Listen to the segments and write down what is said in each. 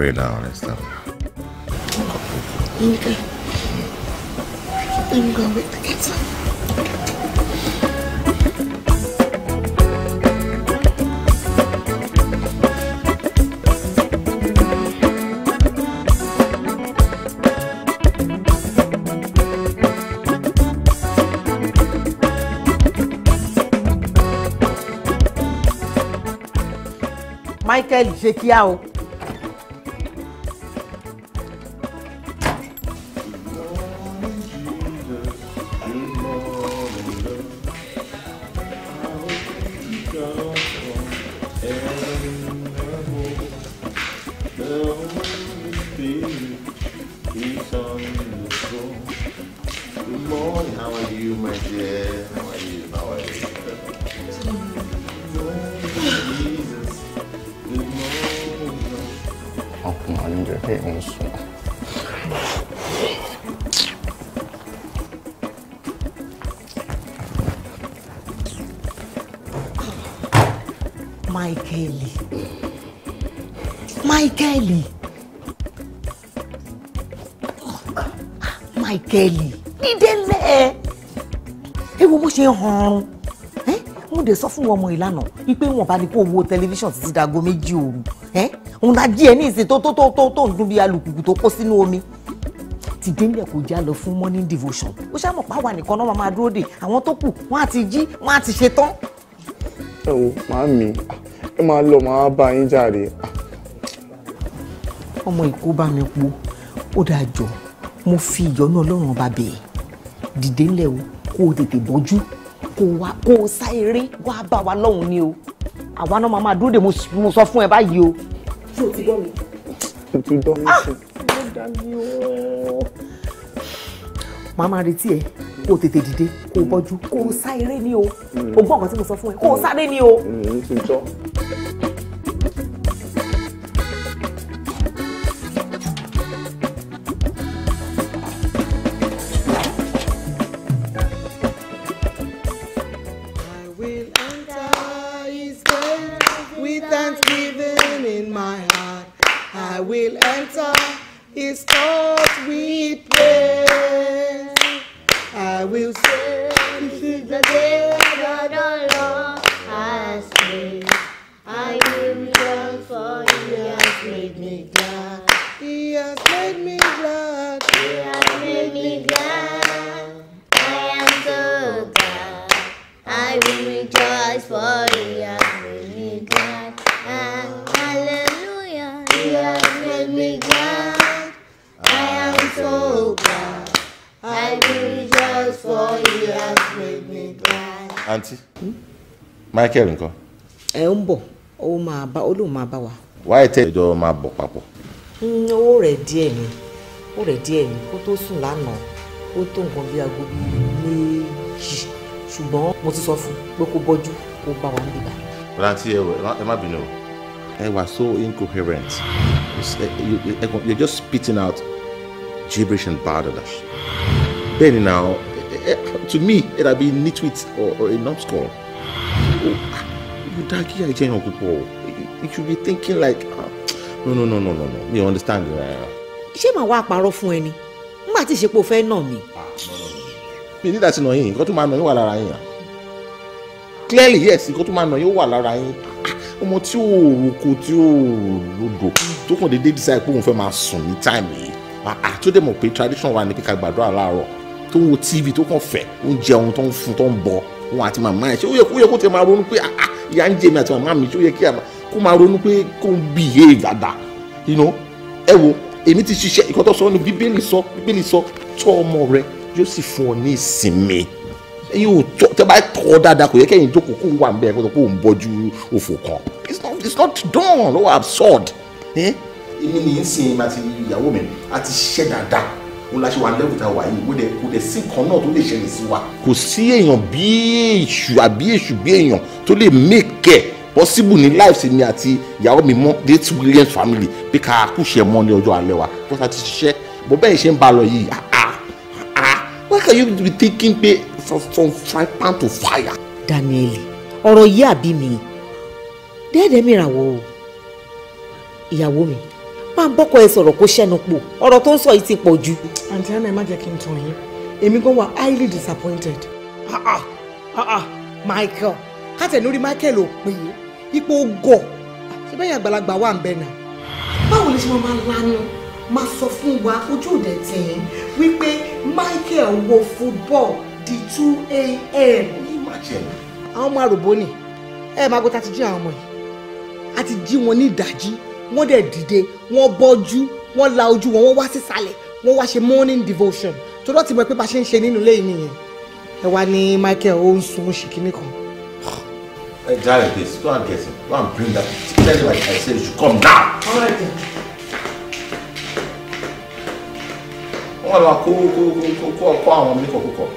pray down and stuff. with the kids. Michael Jequial ọrùn wọ́n dẹ̀ sọ fún ọmọ ìlànà wípé wọ́n bá ní kó wo tẹlifíṣàn títí dago méjì òru òun la jí ẹ ní ìsìn tó tó tó tó tó ń dún bí alùpùpù tó kó sínú omi ti délẹ̀ kò já lọ fún morning devotion ó ṣàmọ̀ páwa nìkan náà máa dúró dè àwọn tó kù wọ́n á ti jí wọ́n á ti ṣe tán. ẹ wo màámi ẹ máa lọ màá bá yín jàre. ọmọ ìkó bá mi po ó dáa jọ mo fi ìyọ́nú ọlọ́run ọba bẹ̀ẹ́ dìde o kó o tètè bọ́jú kò wá kò sá eré wá bá wa lọ́hùn ni o àwa náà máa máa dúró de mo sọ fún ẹ báyìí o. ṣé o ti gbọ́ mi. o ti gbọ́ mi sí. Ah! màá máa retí ẹ kó o tètè dìde kó o bọ́jú kó o sá eré ni o o gbọ́ nǹkan tí mo sọ fún ẹ kó o sáré ni o. Mm, àǹtí Michael nǹkan. ẹ ń bọ̀ ó máa bá ó lóun máa bá wa. wáyé tẹ́ ìjọ máa bọ̀ papọ̀. owó rẹ̀ díẹ̀ ni owó rẹ̀ díẹ̀ ni kó tó sùn lánàá ó tó nǹkan bíi aago bíi méjì ṣùgbọ́n mo ti sọ fún un pé kó bọ́jú kó bá wa níbi rántí ẹ wọ ẹ má bínú o ẹ wà so incoherent you're just spitting out gibberish and bad odash bẹ́ẹ̀ ni náà Eh, to me it had been nitwit or, or a numbskull. Yudaki Ajayan Okupo, you should be thinking like, ah, no, no, no, no, no, no, you understand. Ṣé màá wá àparọ́ fún ẹni? Nígbà tí ìṣepò fẹ́ nà mí. Ah, Mi nígbà tí nà yín, nǹkan tó máa nà yín wà lára yín. Clearly yes, nǹkan tó máa nà yín wà lára yín. Ọmọ tí ò roko tí ò lodò tó kàn déédéé decide pé òun fẹ́ máa sùn ní táìmù yìí. Àtúndẹ̀mọ̀ ah, pé tradition wa ni kíkà gbàdúrà láàárọ̀ tó ń wo tv tó kàn fẹ́ ó ń jẹun tó ń fún tó ń bọ òun àti màmá ẹ̀ ṣé ó yẹ kó yẹ kó tẹ̀ máa ronú pé ah, ah ìyá ń jẹ mi àti màmá mi ṣé ó yẹ kí kó máa ronú pé kó ń behave dáadáa you know ẹ wo èmi ti ṣiṣẹ́ ìkan tó sọ ọ́ ní bíbélì sọ bíbélì sọ tọ́ ọmọ rẹ yóò sì fún ọ ní ìsinmi ẹ̀yin ò tọ́ tẹ́ bá tọ́ dáadáa kò yẹ kẹ́yìn jókòó kó wà nbẹ kó tó kó ń bọ́jú òfò kan it's not it's not done lọ́wọ́ absurd. èmi ní í sìn àti ìyàwó mi àti ṣiṣẹ́ dáadáa òun la ṣe wà lẹ́wù tá a wà yìí kò dẹ̀ kò dẹ̀ sí kan náà tó lè ṣẹlẹ̀ sí wa. kò sí èèyàn bí èṣù àbí èṣù bí èèyàn tó lè make ẹ̀ possible ní life mi àti ìyàwó mi mọ́ great Williams family bí ká kúṣẹ̀ mọ́ ní ọjọ́ alẹ́ wa bó ta ti ṣiṣẹ́ bó bẹ́ẹ̀ ṣe ń ba lọ yìí ah, ah ah why can you be thinking pé from from fry pan to fire. Daniel ọ̀rọ̀ yìí àbí mi dẹ́ẹ̀dẹ́ mìíràn wò ìyàwó mi bá ń bọ́kọ ẹ sọ̀rọ̀ kó ṣẹ́nu pò ọ̀rọ̀ tó ń sọ yìí ti pọ̀ jù. àǹtí hannah ẹ má jẹ́ kí n tàn yín èmi gan wà highly disappointed. ah ah ah ah michael kátẹ̀ lórí michael ò pè é ipò gọ̀ ṣé bẹ́ẹ̀ àgbàlagbà wà ń bẹ̀ náà. báwo ni ṣe máa lanu máa sọ fún wa ojú òde tẹ̀yìn wípé michael wo football di two a.m. àwọn ọmọ àròbó ni ẹ máa gbọ́ tá a ti jí àwọn ọmọ yìí a ti jí wọn ní ìdájí wọ́n dẹ̀ dìde wọ́n bọ́jú wọ́n la ojú wọn wọ́n wá sísàlẹ̀ wọ́n wá ṣe morning devotion tó dọ́tí mọ̀ pé bá ṣe ń ṣe nínú ilé yìí nìyẹn ẹ wá ní Michael ó ń sun oṣù kìíní kan. Hey, darling, please, go and get him. Go and bring that. Tell him I said you should come now. All right, then. Wọ́n lọ kó kó kó kó kó àwọn mi kọ̀kọ̀.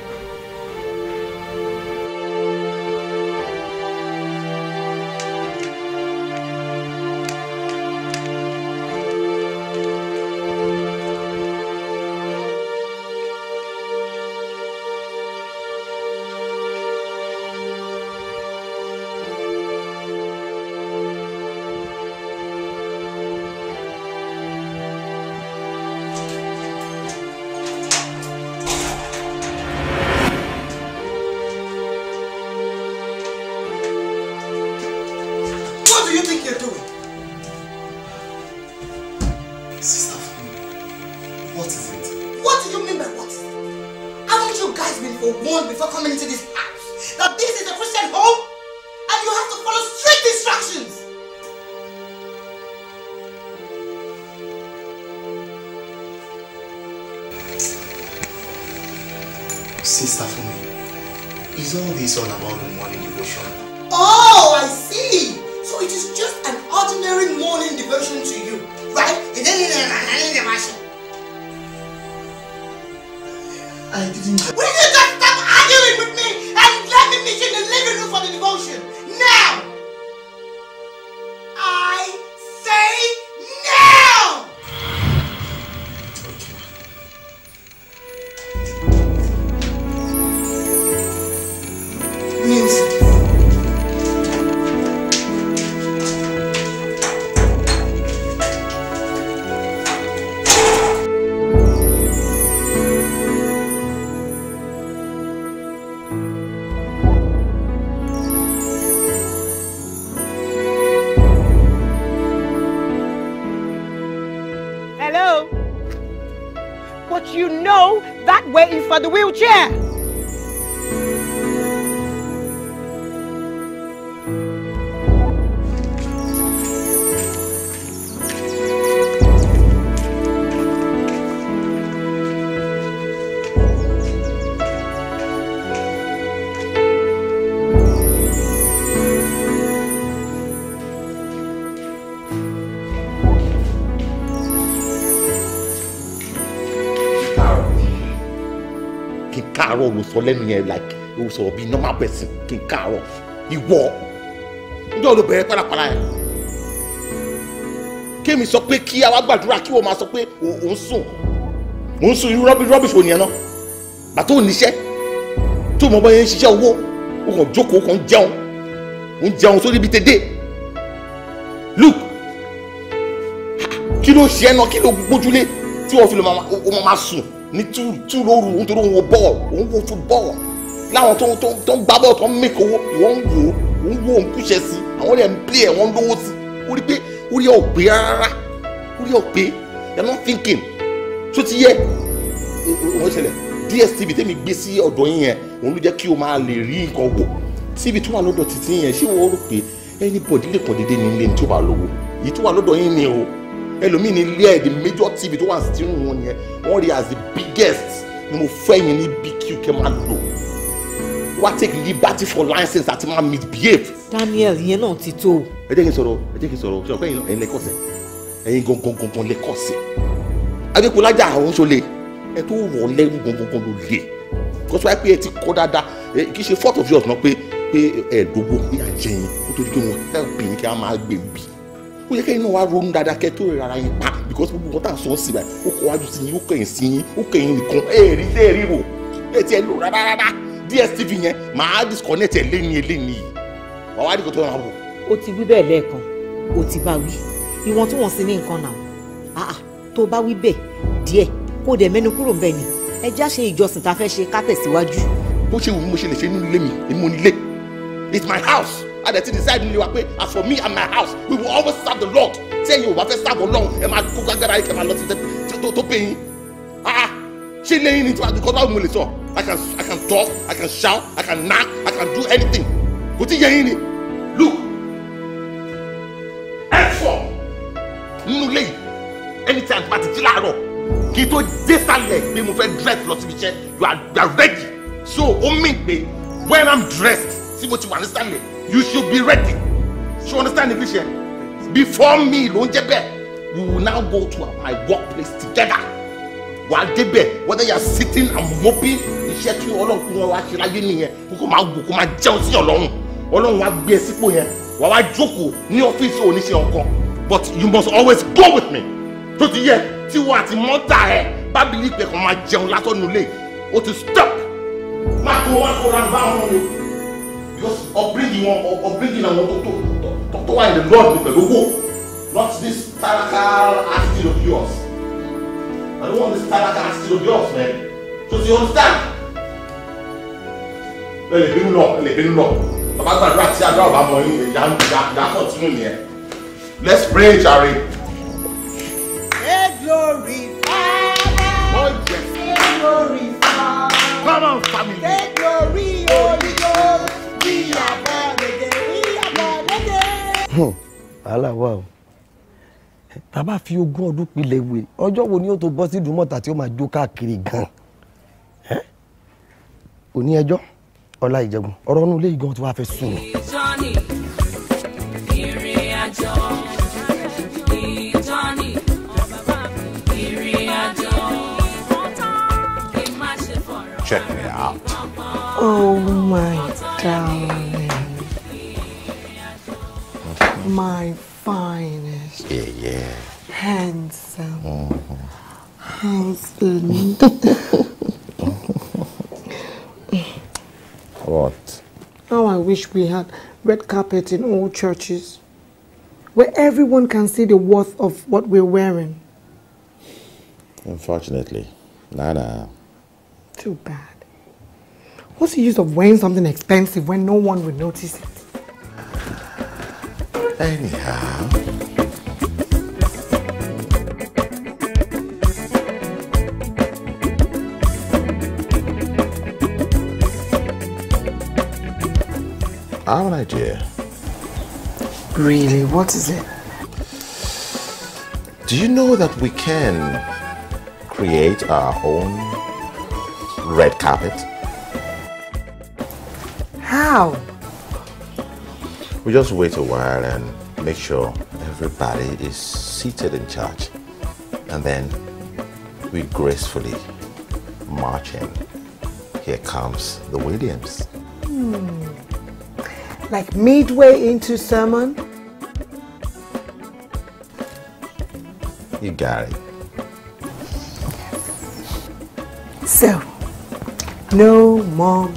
káàárọ̀ ló sọ lẹ́nu yẹn like o sọ̀rọ̀ bíi normal person kí n káàárọ̀ ìwọ njẹ́ o ló bẹ̀rẹ̀ pàlàpàlà yẹn kémi sọ pé kí àwa gbàdúrà kí wọ́n máa sọ pé òun sùn òun sùn irú rọ́bì rọ́bì fòní ẹ̀ náà bàtà oníṣẹ́ tó mọ báyẹn ń ṣiṣẹ́ owó o kàn jókòó kàn jẹun ń jẹun sórí ibi tẹ́dẹ́ look kí ló ṣe ẹ́ náà kí ló gbójúlé tí wọ́n fi lọ́ máa sùn ní tú tú lóru òun tó ń wo bọ́ọ̀lù òun wo football láwọn tó tó tó ń gbá bọ́ọ̀lù tó ń make owó wọ́n ń wò ó ń wò ó ń kúṣẹ́ sí àwọn ẹ̀ ń play ẹ̀ wọ́n ń lówó sí orí pé orí ẹ̀ ò pé rárá orí ẹ̀ you are not thinking tó ti yẹ òun ṣẹlẹ̀ DSTV tẹ́mi gbé sí ọ̀dọ̀ yín yẹn òun ló jẹ́ kí o máa lè rí nǹkan wò TV tó wà lọ́dọ̀ títí yẹn ṣé wọ́n rò pé anybody lè pọ̀ déédéé ní ilé tó bá lówó èyí tó wà lọ́dọ̀ yín ẹlòmíì ní ilé ẹ̀ the major tv tó wà ní sitting room wọn nìyẹn wọ́n rí as the biggest ni mo fẹ́ yín ní bq kẹ́ máa lò wá take liberty for license àti máa misbehave. Daniel ìyẹn náà ti tó. ẹ jẹ́ kí n sọ̀rọ̀ ẹ jẹ́ kí n sọ̀rọ̀ ṣé ọ̀pẹ́ ẹ̀yin lẹ́kọ̀ọ́sẹ̀ ẹ̀yin gangan gangan lẹ́kọ̀ọ́sẹ̀ adékúnlájà àwọn ṣọlẹ̀ ẹ tó wọ̀ lẹ́rú gangan ló lè kọ́sọ́ ẹ pé ẹ ti kọ́ dáadáa kì í ṣe fault of yours náà pé pé ẹ̀ẹ́dógún ní àjẹyìn nítorí pé wọ́n help yín kí a máa gbèbí ó yẹ kẹ́yìn náà wá ronú dáadáa kẹ́ tó rárá yín pa because gbogbo nǹkan tá à ń sọ ọ́ sí rẹ̀ ó kọ́ wájú sí yín ó kẹ́yìn sí yín ó kẹ́yìn nìkan èèrí lé ríro ètí ẹ lò rárá DSTV yẹn màá disconnect ẹ léni yìí wàá wá dìgbò tó wò. o ti wí bẹ́ẹ̀ lẹ́ẹ̀kan o ti bá wí ìwọ̀ntúnwọ̀nsí ní nǹkan náà tó bá wí bẹ́ẹ̀ díẹ̀ kó dẹ̀ mẹ́nu kúrò bẹ́ẹ̀ ni ẹ já ṣe ìjọsìn tá fẹ́ ṣe ká tẹ̀síwájú. bó ṣe wù mí mo ṣe lè ṣe nínú ilé mi èmi mo nílé it's my house a dẹ̀ ti decide nílé wa pé as for me and my house we will always serve the lord tí ẹ̀yin ò bá fẹ́ serve ọlọ́run ẹ máa kó gbàgbára yìí kẹ́ máa lọ sí tó pé yín ah ṣé lẹ́yìn ni tí wàá kọ́ báwo mo lè sọ i can i can talk i can shout i can knack i can do anything kò tí yẹ yín ni look ẹ̀fọ́ nínú ilé yìí anytime tí wàá ti jí láàárọ̀ kí n tó dé sálẹ̀ pé mo fẹ́ dress lọ síbi iṣẹ́ you are ready so ó mìn pé when i'm dressed tí mo ti wà ní sálẹ̀ you should be ready ṣé understand English yẹn before me ló we will now go to my workplace together wà á whether you are sitting and moping iṣẹ́ tí ọlọ́run kún wọn wá ṣe láyé nìyẹn kó kó máa wò kó máa jẹun sí ọlọ́run ọlọ́run wá gbé ẹ e sípò yẹn wà wá jókòó ní ọ́fíìsì oníṣẹ́ ọkọ but you must always go with me tó ti yẹ tí wọ́n àti mọ́tà ẹ bábìlì pẹ̀kọ́ máa jẹun látọ̀nulẹ̀ o ti stop. má kó wá kó ra bá wọn o just upbringing wọn upbringing àwọn to tó tó wà in the lord pẹ̀lú owó not this tarakal attitude of yours I don't want this tarakal attitude of yours man Just you understand ẹ lè bínú lọ ẹ lè bínú lọ bàbá gbàdúrà tí àdúrà bá mọ yín ìyá ìyá kọ̀tínú nìyẹn let's pray jàre. Hey, glory, Father. Oh, yes. Hey, glory, Father. Come on, family. Hey, glory, Holy Ghost wàhálà wà o bàbá fi ogún ọdún pilẹ̀ wè ọjọ́ wo ni ó tó bọ́ sí ìdúmọ̀tà tí ó máa jó káàkiri gan-an òní ẹjọ́ ọlá ìjẹgun ọ̀rọ̀ inú ilé ìgan tí wàá fẹ́ sùn. check me out. oh my darling. My finest. Yeah, yeah. Handsome. Mm-hmm. Husband. what? Oh, I wish we had red carpet in all churches where everyone can see the worth of what we're wearing. Unfortunately, Nana. Too bad. What's the use of wearing something expensive when no one will notice it? Anyhow. I have an idea. Really? What is it? Do you know that we can create our own red carpet? We just wait a while and make sure everybody is seated in church. And then we gracefully march in. Here comes the Williams. Hmm. Like midway into sermon? You got it. So, no more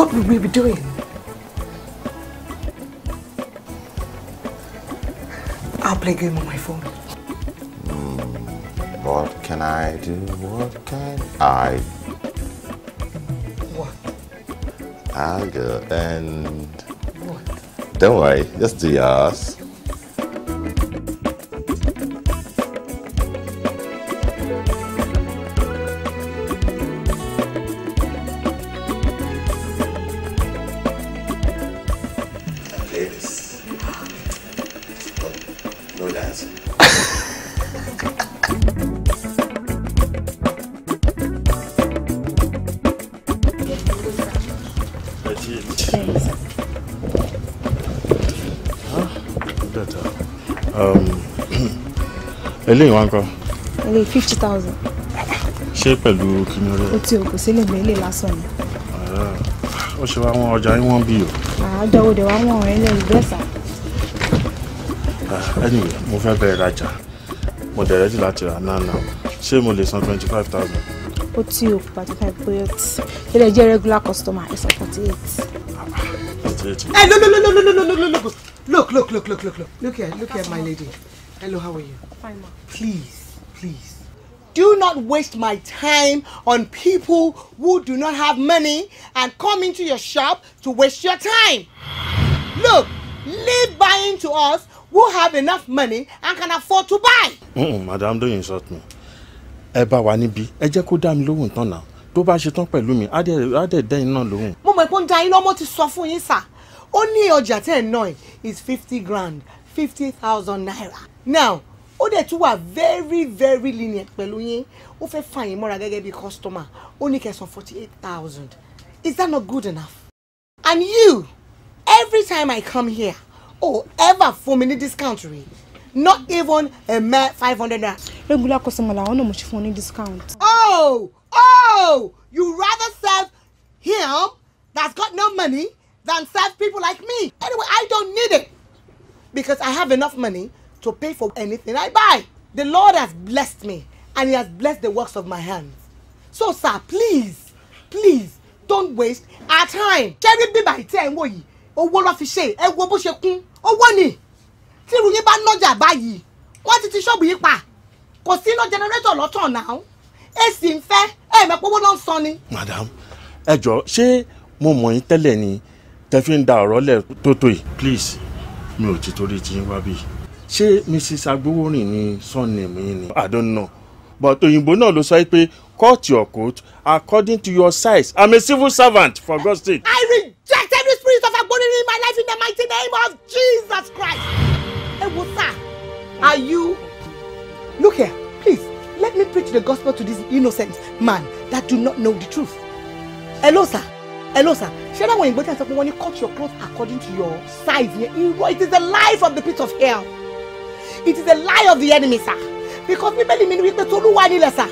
what would we be doing? I'll play a game on my phone. Mm, what can I do? What can I? What? I will go and. What? Don't worry, just do yours. eléyìí wá ń kọ́. eléyìí fifty thousand. ṣé pẹ̀lú kìnìún rẹ̀. o ti o kò sí lè mẹ́lẹ̀ lásán ni. ó ṣe wá wọn ọjà yín wọ́n bí o. àjọ òde wa wọn ọ̀rẹ́ lẹ́yìn bẹ́ẹ̀sà. anyway mo fẹ́ bẹ̀rẹ̀ rajà mo dẹ̀ rẹ́dí láti rà náà náà ṣé mo lè san twenty five thousand. o ti o pàtó five point ilé jẹ́ regular customer ẹ̀ sọ forty eight. Hey, look, look, look, look, look, look, look, look, look, look, look, look, look, look here, look here, my lady. Hello, how are you? Fine, ma. Please, please. Do not waste my time on people who do not have money and come into your shop to waste your time. Look, leave buying to us who have enough money and can afford to buy. Mm-mm, madam, don't insult me. Ẹ bá wa níbí, ẹ jẹ́ kó dá mi lóhùn tán náà. Tó bá ṣe tán pẹ̀lú mi, á dẹ̀ dẹ́yìn náà lóhùn. Mo mọ̀ pé ń da yín lọ́mọ ti sọ fún yín sà. Ó ní ọjà tẹ̀ náà is fifty grand fifty thousand naira. Now ó dẹ̀ tún wà very very lenient pẹ̀lú yín ó fẹ́ fà yín mọ́ra gẹ́gẹ́ bí customer ó ní kẹsàn forty eight thousand is that not good enough? and you every time I come here oh ever fún mi ní discount rẹ̀ not even a mere five hundred naira. regular customer làwọn náà mo ṣe fún ọ ní discount. oh oh you rather serve him that's got no money than serve people like me anyway I don't need it because I have enough money to pay for anything I buy. The Lord has blessed me and he has blessed the works of my hands. So sir, please, please don't waste our time. Ṣé rí bíbá ìtí ẹ̀ ń wò yìí? Owó ló fi ṣe ẹ wo bó ṣe kún. Owó ni tí irú yín bá nọ́jà báyìí wọ́n ti ti ṣọ́ọ̀bù yìí pa. Kò sí iná jẹnẹrétọ̀ lọ́tọ̀ náà. Èsì ń fẹ́ ẹ̀ mẹ́pọ̀ owó náà Madam, ẹ jọ ṣé mo mọ̀ yín tẹ́lẹ̀ ni da ọ̀rọ̀ lẹ̀ tó tó yìí. Please mi ò ti torí ti yín wá bíi ṣé mrs agbowórin ni sọ́ọ̀nìmí ni i don't know but òyìnbó náà ló sọ pé cut your coat according to your size i'm a civil servant for God's sake. i reject every spirit of agbowórin in my life in the mighty name of Jesus Christ. ẹ wo sá are you look here please let me preach the gospel to this innocent man that do not know the truth. hello sir hello sir ṣé dáwọn òyìnbó tẹ̀ sọ pé wọ́n ní cut your cloth according to your size yẹn irọ́ it is the life of the pit of hell it is a lie of the enemy sir because bíbélì mi ni wípé tolúwa nílẹ̀ sà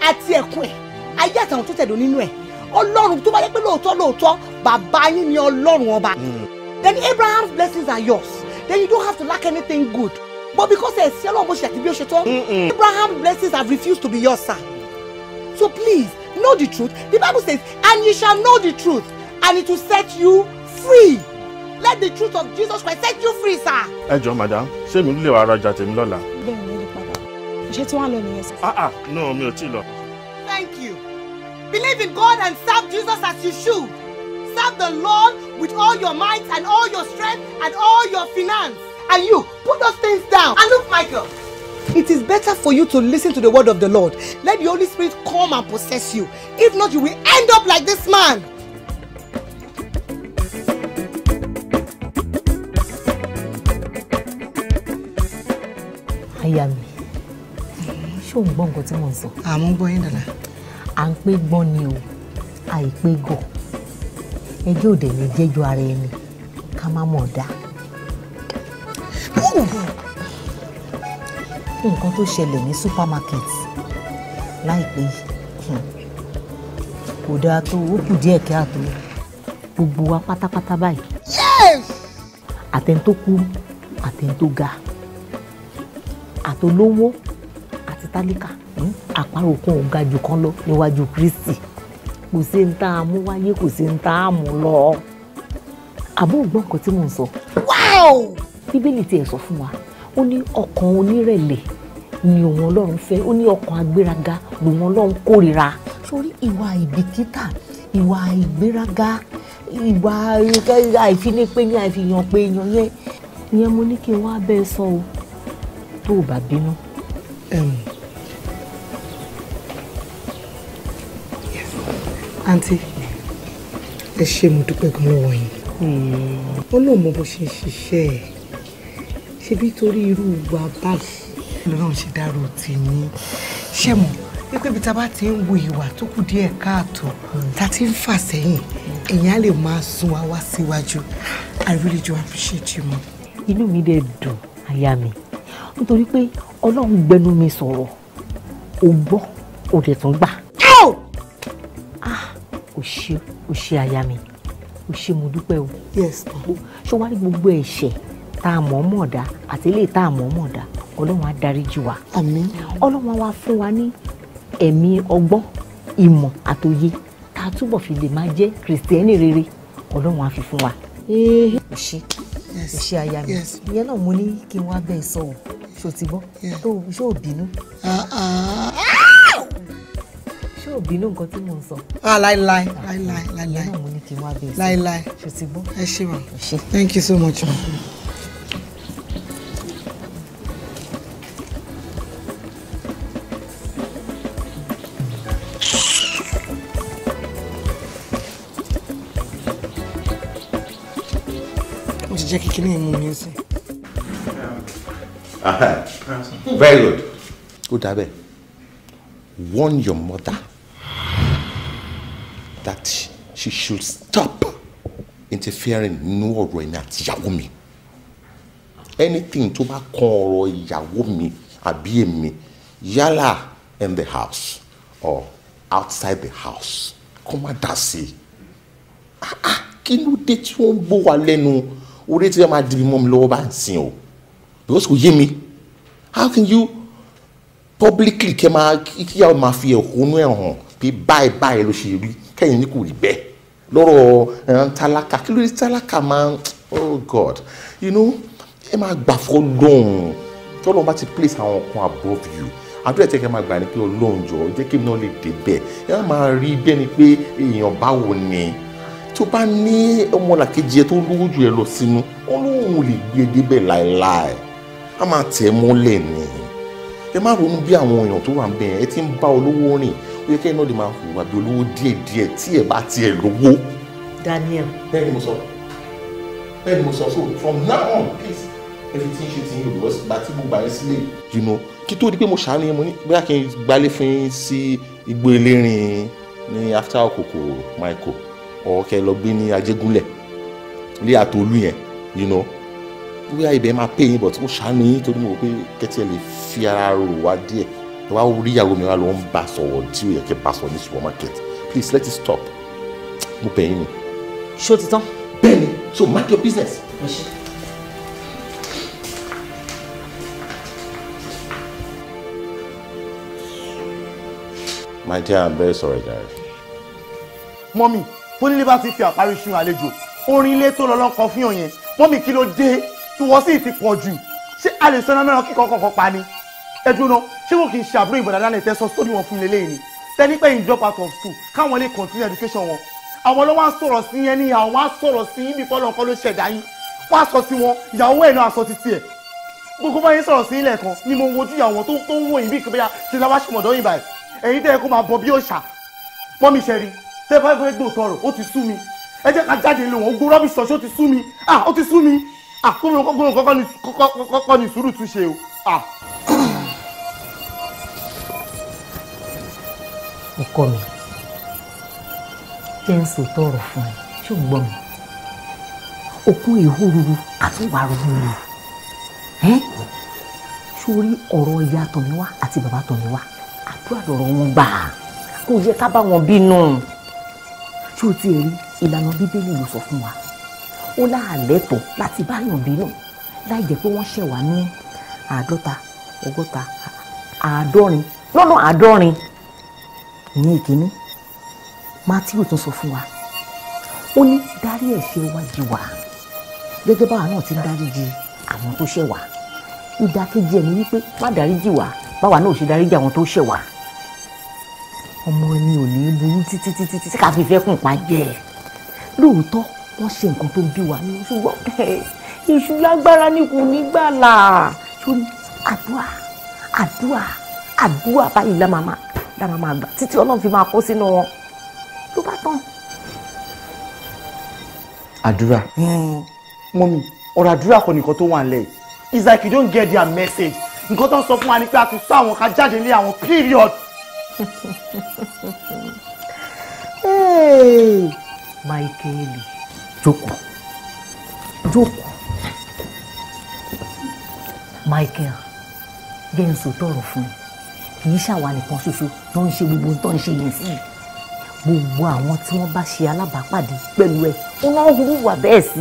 àti ẹ̀kún ẹ̀ ayé àtàwọn tó tẹ̀dọ̀ nínú ẹ̀ ọlọ́run tó bá yẹ pé lóòótọ́ lóòótọ́ bàbá yín ni ọlọ́run ọba. Hmm. then Abraham's blessings are yours then you don't have to lack anything good but because ẹ̀ sí ọlọ́run bó ṣe àti bí ó ṣe tọ́ hmm, hmm. Abraham's blessings have refused to be yours sir so please know the truth the Bible says and you shall know the truth and it will set you free let the truth of Jesus Christ set you free sir. ẹ jọ madam ṣé mi lè wá rajà tèmi lọ́la. bẹ́ẹ̀ ni rí padà ṣé tí wọ́n lọ nìyẹn sir. ah ah no mi ò tí lọ. thank you believe in God and serve Jesus as you should serve the Lord with all your might and all your strength and all your finance and you put those things down and look Michael. It is better for you to listen to the word of the Lord. Let the Holy Spirit come and possess you. If not, you will end up like this man. aya mi ṣó ń gbọ́ nǹkan tí mo ń sọ. àmọ́ gbọ́ yín dàda. à ń pé gbọ́n ni o àìpé gọ̀ ẹjọ́ òde ni jẹ́jọ́ ara ẹni ká má mọ̀ dá. nǹkan tó ṣẹlẹ̀ ní supermarket láìpẹ́ yìí hmm. kò dáa tó ó kù díẹ̀ kí á tó gbogbo wa pátápátá báyìí. àtẹ̀ntó kú àtẹ̀ntó ga àtolówó àti tálíkà hmm? àparò kan ò ga jù kan lọ níwájú Kristi kò sí ń tá a mú wáyé kò sí ń tá a mú lọ àbó gbọ́ nǹkan tí mò ń sọ. bíbélì tiẹ̀ sọ fún wa ó ní ọkàn onírẹ̀lẹ̀ ni òun ọlọ́run fẹ́ ó ní ọkàn agbéraga lòun ọlọ́run kórìíra. sórí ìwà ìbìkítà ìwà ìgbéraga ìwà àìfinipéyàn àìfihàn péyàn yẹn ìyẹn mo ní kí n wá bẹ́ẹ̀ sọ o tó o bá bínú. àǹtí ẹ ṣe mo dúpẹ́ gan lọ́wọ́ yín ó hmm. lóun mọ bó ṣe ń ṣiṣẹ́ ẹ̀ ṣebí torí irú wa báyìí lọ́nà ṣe dárò tì ní ṣé mo wípé ibi tá bá ti ń wo ìwà tó kù díẹ̀ káàtó tá a ti ń fà sẹ́yìn èèyàn á lè máa sún wa wá síwájú I really do appreciate you mọ. inú mi dẹ̀ dùn aya mi nítorí pé ọlọ́run gbẹnu mi sọ̀rọ̀ o gbọ́ ó dẹ̀ tún gbà. Ah, o ṣe ó ṣe aya mi ó ṣe mo dúpẹ́ o. yes ṣé wàá rí gbogbo ẹ̀ṣẹ̀ tá a mọ̀ mọ̀ dá àti eléyìí tá a mọ̀ mọ̀ dá ọlọ́run á dáríjì wa. àmín. ọlọ́run á wá fún wa ní ẹ̀mí ọgbọ́n ìmọ̀ àtòye tá a túbọ̀ fi lè máa jẹ́ kìrìsìtẹ́nì rere ọlọ́run á fi fún wa. ó ṣe ìṣe aya mi ìyẹn náà mo ní kí n wá bẹ́ẹ̀ sọ o ṣó ti gbọ́ ṣó ò bínú. Ah, ah. ṣó ò bínú nǹkan tí mò ń sọ. láíláí ah, láíláí láíláí ìyẹn náà mo ní kí n wá bẹ́ẹ̀ sọ láíláí ṣó ti gbọ́. ẹ ṣe wa thank you so much. kíní ìmú mi sí. very good ó dábẹ́ warn your mother that she should stop interfering nínú ọ̀rọ̀ ẹ̀mí àti ìyàwó mi anything tó bá kan ọ̀rọ̀ ìyàwó mi àbí èmi yálà in the house or outside the house kó má dá sí i ah, ah, kí ló dé tí wọ́n ń bó wa lẹ́nu. No orí tí wọ́n máa di mọ́ mi lọ́wọ́ bá ń sìn o because kò yé mi how can you publicly kẹ́ máa kíyàwó máa fi ẹ̀hónú ẹ̀ hàn pé báyìí báyìí ló ṣe rí kẹ́yìn ní kò rí bẹ́ẹ̀ lọ́rọ̀ tálákà kí ló dé tálákà máa oh god you know ẹ máa gbà fọ́ lóhùn tí ọlọ́run bá ti place àwọn kan above you àdúrà tẹ́kẹ́ máa gbà ní pé ọlọ́run jọ jẹ́ kí èmi náà lè débẹ̀ ẹ máa rí bẹ́ẹ̀ ni pé èèyàn báwo ni tó bá ní ọmọlàkejì ẹ tó lówó jù ẹ lọ sínú wọn lóun lè gbé e débẹ̀ láéláé a máa tẹ̀ mọ́lẹ̀ ni ẹ má ronú bí àwọn èèyàn tó wà ń bẹ̀ ẹ ti ń bá olówó rìn ó yẹ kẹ́ iná lè máa hùwà bí olówó díẹ̀díẹ̀ tí ẹ bá tiẹ̀ lówó. Daniel. bẹ́ẹ̀ ni mo sọ bẹ́ẹ̀ ni mo sọ so from now on please everything ṣe ti ń yòbọ̀ bá tí mo gbà yín sílé. you know kí tó di pé mo ṣàánú yẹn mo ní bóyá kí n gbálé fún yín sí igbó elérin ní after okoko michael or kẹ́ lọ gbé ní Ajégúnlẹ̀ ilé àtolú yẹn you know bóyá ibẹ̀ máa pè yín but ó ṣàánú yín torí mo rò pé kẹ́tí ẹ̀ lè fi ara rò wá díẹ̀ ẹ wá rí ìyàwó mi wá lọ ń bá sọ̀rọ̀ tí ó yẹ kẹ́ bá sọ̀rọ̀ ní supermarket please let it stop mo bẹ̀ yín ni. ṣó ti tán. bẹ́ẹ̀ni so mark your business. My dear, I'm very sorry, Jerry. Mommy tó nílé bá ti fi àparí sun àlejò orin ilé tó lọ́lọ́ kan fihàn yẹn mọ́mì kí ló dé tí wọ́n sì ti pọ̀ jù ṣé a lè sọ́nà mẹ́ràn kíkọ́ kọ̀ọ̀kan pa ni ẹ dúró ṣé wọn kì í ṣe àbúrò ìbọ̀dà dání tẹ́sán sórí wọn fún ilé ni tẹ́nípẹ́ yìí drop out of school káwọn lè continue education wọn àwọn ló wá ń sọ̀rọ̀ sí yẹn ní àwọn á sọ̀rọ̀ sí yín bíkọ́ lọ́nkọ́ ló ṣẹ̀dá yín wọ́n á sọ sí wọn ìyàwó ẹ̀ náà sọ ti tiẹ̀ gbogbo báyìí sọ̀rọ̀ sí ilẹ̀ kan ni mo wojú ìyàwó tó ń wò yín bí ìkébéyà ti láwáṣí mọ̀dọ́ yìí báyìí ẹ̀yin tẹ́ ẹ kó máa bọ bí òòṣà pọ́nmi ṣẹ́rí tẹ bá fẹ́ gbọ́ tọrọ ó ti sú mi ẹ jẹ́ ká jáde lé wọn gbó rọ́bì sọ̀ṣọ́ ó ti sú mi ah ó ti sú mi ah kómi kókó kọ́kọ́ ni sùúrù tún ṣe o ah. ọkọ mi jẹ́ ń sòótọ́ ọ̀rọ̀ fún ẹ ṣé ò ń gbọ́ mi òkun ìhóruru àtúwàrú mi sórí ọ̀rọ̀ ìyá tọ̀míwá àti bàbá tọ̀míwá àdúrà lọ̀rọ̀ wọn gbà kò yẹ ká bá wọn bínú ṣé o ti rí ìlànà bíbélì ló sọ fún wa ó láàlẹ́tọ̀ láti báyọ̀ bínú láì jẹ́ pé wọ́n ṣẹ̀ wá ní àádọ́ta ọgọ́ta àádọ́rin lọ́nà àádọ́rin ìyẹn ìkíní Mátíù tún sọ fún wa ó ní dárí ẹ̀ṣẹ̀ wa jì wá gẹ́gẹ́ báwa náà ti ń dárí jì àwọn tó ṣẹ̀ wá ìdàkejì ẹ̀ ni wípé má dárí jì wá báwa náà ò ṣe dárí jì àwọn tó ṣẹ̀ ọmọ ẹni ò ní burú títí títí títí ká fi fẹ́ kùn pa jẹ lóòótọ́ wọ́n ṣe nǹkan tó ń bí wa nínú ṣùgbọ́n iṣu lágbára ni kò ní gbàlà ṣùgbọ́n àdúrà àdúrà àdúrà báyìí la máa la máa gbà títí ọlọ́run fi máa kó sínú wọn ló bá tán. àdúrà hmm. mọ́mí ọ̀rọ̀ àdúrà kan nìkan tó wà ń lẹ̀ it's like you don't get their message nǹkan tó ń sọ fún wa ni pé a ti sọ àwọn ká jáde ní àwọn period hey, Michael jókòó jókòó Michael jẹ́ n sòótọ́ ọ̀rọ̀ fún ẹ kì í ṣàwa nìkan ṣoṣo tó ń ṣe gbogbo tó ń ṣe yẹn sí i gbogbo àwọn tí wọ́n bá ṣe alábàápàdé pẹ̀lú ẹ ó náà hùwà bẹ́ẹ̀ sí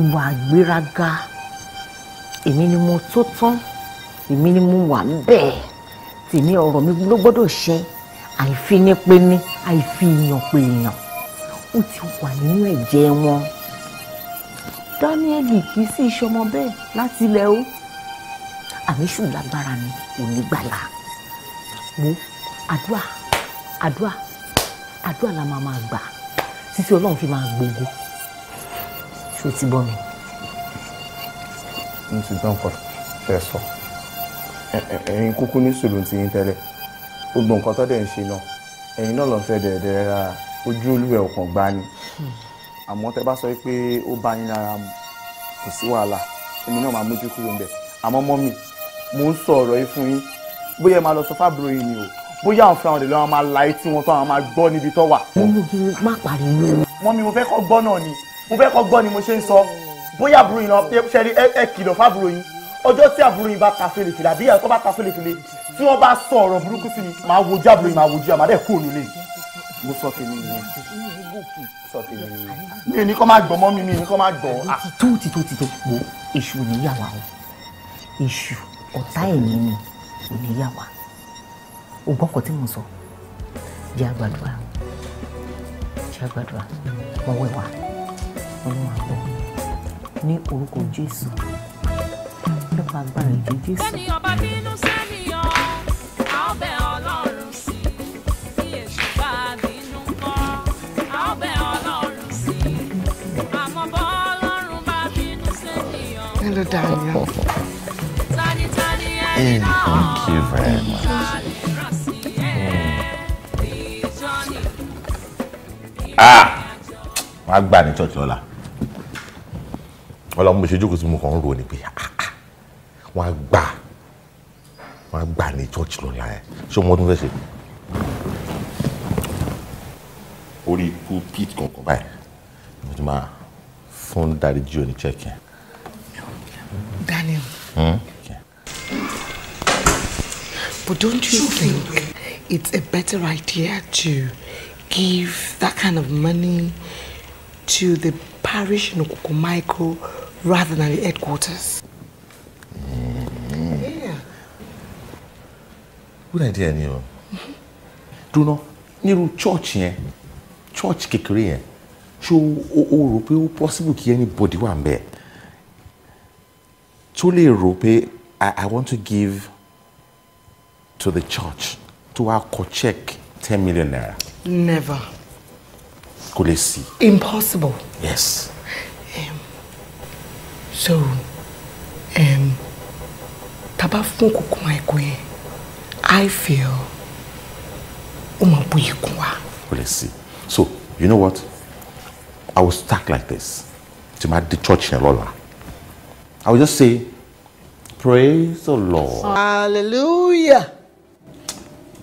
ìwà àgbéraga èmi ni mo tó tán èmi ni mo wà ń bẹ́ẹ̀ tèmi ọ̀rọ̀ mi ló gbọ́dọ̀ ṣe àìfinipéni àìfihàn pé èèyàn ó ti wà nínú ẹ̀jẹ̀ wọn. Dáníẹ́lì kì í sì ṣọmọ bẹ́ẹ̀ láti ilẹ̀ o àmísù lágbára mi ò ní gbàlà mo àdúà àdúà àdúà la máa máa gbà títí ọlọ́run fi máa gbogbo ṣó ti bọ́ mi. mo ti gbọ́ nǹkan tẹ̀ sọ. So ẹ̀yin kúkú ní sùúrù ti yín tẹ́lẹ̀ gbogbo nǹkan tó dẹ̀ ń ṣe náà ẹ̀yin náà ló ń fẹ́ dẹ̀ẹ̀dẹ̀rẹ̀ ra ojú olúwẹ̀ ọkàn gbá ni àmọ́ tẹ́ bá sọ pé ó bá yín lára mu kò sí wàhálà èmi náà máa mójú kúrò ńbẹ̀ àmọ́ mọ́mì mo ń sọ ọ̀rọ̀ yìí fún yín bóyá ẹ máa lọ sọ fábùrò yìí ni o bóyá àwọn fúnra wọn lè lọ́wọ́ máa la etí wọn tó àwọn máa gbọ́ níbi tó wà. má pariwo. mọ́mì mo fẹ́ kọ́ gbọ́ náà ni mo fẹ́ kọ́ gbọ́ ni mo ṣe ń sọ bóyá àbúrò yìí lọ ṣe ẹ kìlọ̀ fábùrò yìí ọjọ́ tí àbúrò yìí bá ta fèlèfèlè àbí ìyàwó tó bá ta fèlèfèlè tí wọ́n bá sọ ọ̀rọ̀ burúkú sí mi màá wojú àbúrò yìí màá wojú àmà dẹ̀ kúrò nílé mo sọ tèmi Ni sọ tèmi nìyẹn mi ò ní kọ́ máa gbọ́ mọ́ mi mi ò ní kọ́ máa gbọ́. Ah. tító ti. tító wo èṣù níyàwó àwọn èṣù ọ̀tá ẹ̀mí ni oníyàwó o gbọ́ ọkọ̀ tí mo sọ jẹ́ àgbàdua jẹ́ àgbàdua wọ́n wẹ̀ wá wọ́n ní orúkọ Jésù bá agbára ìjẹ Jésù. hello darling. tani mm, thank you very much. ah wọn á gbà ní church lọ́la ọlọ́mọ ìṣojú kò sí mo kàn ń rò ní pé ah wọ́n gbà wọ́n gbà ní church lọ́la ẹ̀ ṣé ọmọ ọdún fẹ́ ṣe. orí ikú pit kankan báyìí mo ti máa fún dáre jíò ní check yẹn. Daniel. Hmm? But don't you think it's a better idea to give that kind of money to the parish in Okuko Michael rather than the headquarters? good idea ni o dúró nírú church yẹn church kékeré yẹn ṣé o rò pé ó possible kí anybody wà ń bẹ̀ tó lè rò pé I want to give to the church to wá kọ check ten million naira. never. kò lè sí. impossible. yes. Um, so um, tá a bá fún kókó àìkú yẹn. I feel Well, let's see. So, you know what? I was stuck like this. To my the church in Lola. I would just say, Praise the Lord. Hallelujah.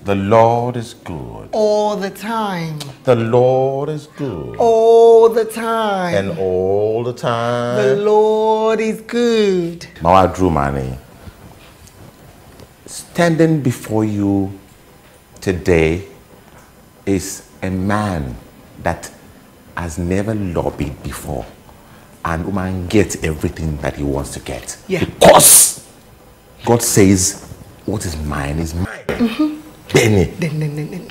The Lord is good. All the time. The Lord is good. All the time. And all the time. The Lord is good. Now I drew my name. Standing before you today is a man that has never lobbied before and woman gets everything that he wants to get. Yeah. Because God says, what is mine is mine. Mm -hmm. Then, then, then, then, then.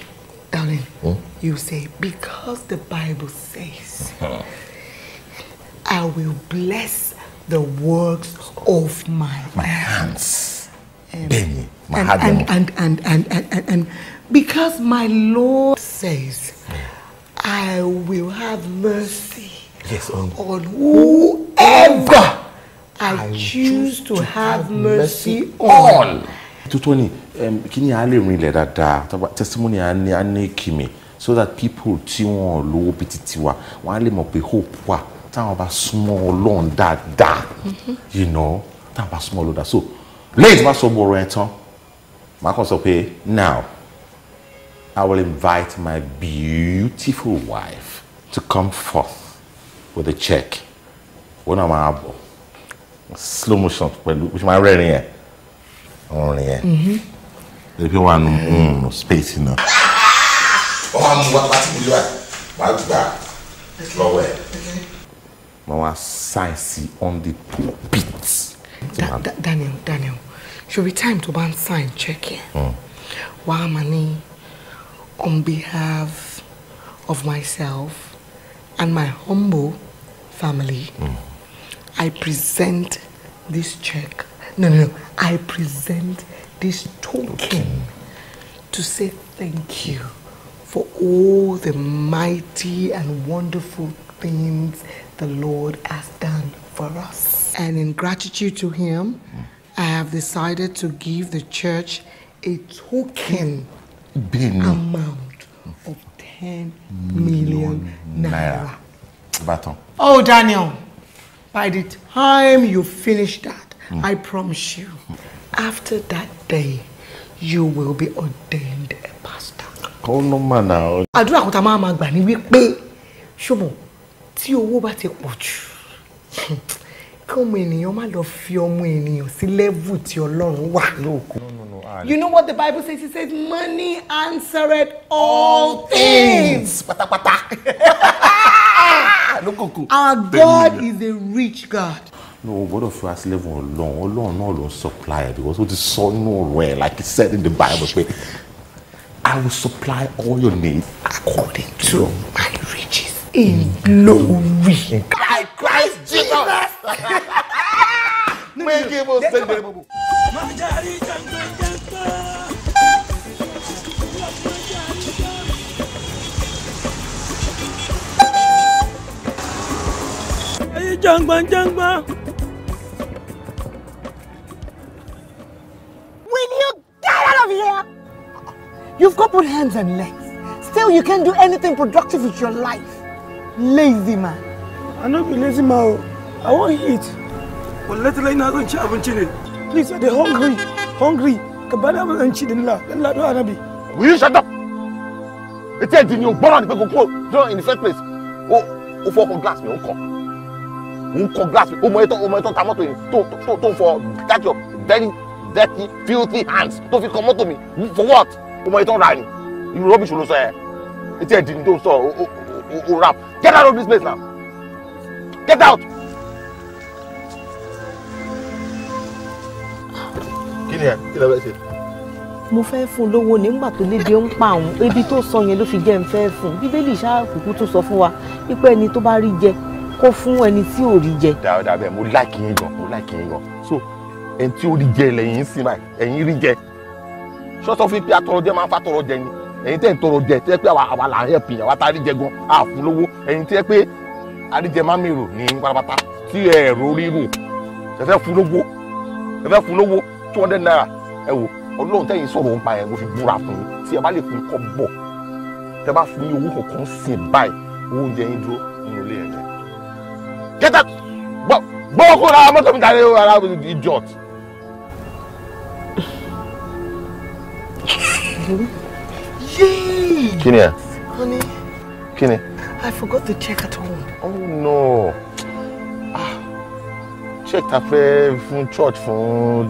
Darling, hmm? you say, because the Bible says, uh -huh. I will bless the works of my, my hands. hands. bẹ́ẹ̀ni màá há dé wọn. and and and and and because my Lord says hmm. I will have mercy yes, on, on whoever I, I choose to have mercy on. tuntun ni kí ni a lè rin Talk about testimony a ní a so that people tí wọn lówó bíi titi wa wọn á lè mọ̀ pé hope wà táwọn bá súnmọ́ Ọlọ́run dáadáa mm-hmm. you know táwọn about small loan dáadáa so lẹ́yìn tí wọ́n sọ bọ̀rọ̀ ẹ̀ tán màá kàn sọ pé now I will invite my beautiful wife to come forth with a check wọ́n náà máa bọ̀ slow motion pẹ̀lú bí mm-hmm. wọ́n máa rẹ́rìn yẹn ọ̀rùn yẹn lè fi wà nù space náà. wọ́n máa mú wá pátí mi lọ́wọ́ máa gbà lọ́wọ́ ẹ̀. wọ́n wá sáyẹ̀nsì on the pulpit. Daniel Daniel Should be time tó bá sign checking. yẹn wàá on behalf of myself and my humble family mm. I present this check no no no I present this token okay. to say thank you for all the mighty and wonderful things the Lord has done for us. And in gratitude to Him, mm. I have decided to give the church a token Bini. amount of 10 million naira. Baton. Oh, Daniel, by the time you finish that, mm. I promise you, after that day, you will be ordained a pastor. Kọ́ ló mà náà. Àdúrà kò tá máa ma gbà ní wípé ṣùgbọ́n tí owó bá ti pọ̀ jù kọ́mọ ènìyàn má lọ fi ọmọ ènìyàn sí lẹ́vù tí ọlọ́run wà. you know what the bible says it says money answered all things. pátápátá lókùnkùn. our god is a rich god. no o gbọ́dọ̀ fi us lẹ́vù ọlọ́run ọlọ́run náà ló ń supply because ó ti sọ nù ọ̀rọ̀ ẹ̀ like he said in the bible pé i will supply all your needs. according to my riches in glory. by christ jesus pé kí mo ṣe gbèrè bòbò. máa járí jàǹgbọ̀njàǹgbọ̀. ayé jàǹgbọ̀njàǹgbọ̀. Will you get out of here? You've got both hands and legs. Still, you can't do anything productive with your life. Lazy man. I no be lazy man I want to eat. Wallahi lai na zan ci abinci ne. Please, I dey hungry. Hungry. Ka bada mu zan ci din la. Dan la do Anabi. Will you shut up? It's a din you borrow the go go in the first place. Oh, o oh, for ko glass mi o ko. O ko glass mi. O mo eto o mo eto ta mọ́tò yín. To to for that your very dirty filthy hands. To come ko to me. For what? O oh, mo eto ra You rubbish lo so It's a din do so o o rap. Get out of this place now. Get out. kí ni ẹ kí lọ fẹ́ mo fẹ́ fún lówó nígbà tó lédè ń pa àwọn ebi tó sọ yẹn ló fi jẹ́ ń fẹ́ fún bíbélì ṣáàkùkù tún sọ fún wa wípé ẹni tó bá rí jẹ kó fún ẹni tí ò rí jẹ. dáadáa bẹ́ẹ̀ mo láìkì yín gan mo láìkì yín gan so ẹni tí ó rí jẹ lẹ́yìn sí máa ẹ̀yin rí jẹ ṣọ́sọ́ fi pé atọrọ jẹ máa ń fa tọrọ jẹ ni ẹ̀yin tẹ̀ ń tọrọ jẹ tẹ́ pé àwa là ń hẹ̀pì àwa tá a rí jẹ gan a fún lówó ẹ̀yin tẹ́ pé àríjẹ máa mi rò ní pátápátá tí ẹ̀rọ rírò ẹ fún lówó ẹ fún lówó two hundred naira ẹ wò ọlọ́run tẹ́yìn sọ̀rọ̀ ń pa ẹ̀ mo fi búra fún yín tí ẹ bá lè fún kọ́ bọ̀ tẹ bá fún yín owó kọ̀ọ̀kan sí i báyìí owó oúnjẹ yín dúró nínú ilé ẹ̀ kẹta gbọ́ gbọ́ kó ra mọ́tò mi tàbí ara idiot. Kí ni ẹ? Honey. Kí ni? I forgot to check at home. Oh no check ta fẹ́ fún church fún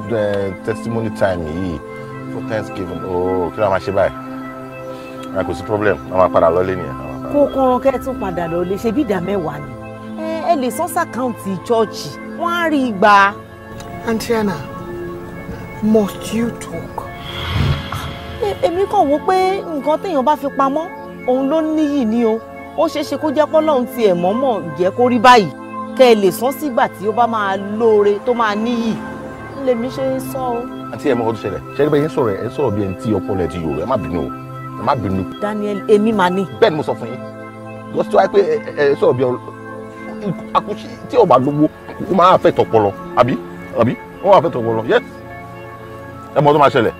testimony time yìí for thanksgiving ooo kí ló máa ṣe báyìí a ah, kò sí problem a máa padà lọlé nìyẹn. kókóró kẹ́ ẹ tún padà lọ lè ṣe bí ìdá mẹ́wàá ni ẹ lè san sàkáǹtì chọ́ọ̀chì wọ́n á rí i gbà. Auntie must you talk? Ah, e, èmi kàn wò pé nǹkan téèyàn bá fi pamọ́ òun ló níyì ni o ó ṣeé ṣe kó jẹ́ pé Ọlọ́run tiẹ̀ mọ́mọ́ jẹ́ kó rí báyìí kẹ́ ẹ lè sán sígbà tí ó bá máa lóore tó máa níyì ń lè mí ṣe ń sọ o. àǹtí ẹ mọ ọdún ṣẹlẹ̀ ṣẹlẹ̀ bẹ yẹn sọ̀rọ̀ ẹ sọ̀rọ̀ bí ẹni tí ọpọlọ ẹ ti yòrò ẹ má bínú o ẹ má bínú. Daniel emi máa ní. bẹ́ẹ̀ ni mo sọ fún yín lọsí tó wáyé pé ẹ ẹ sọ̀rọ̀ bí akúṣe tí ọba lówó ó máa fẹ́ tọpọlọ àbí àbí ó máa fẹ́ tọpọlọ yẹ ẹ mọ ọdún máa ṣẹlẹ̀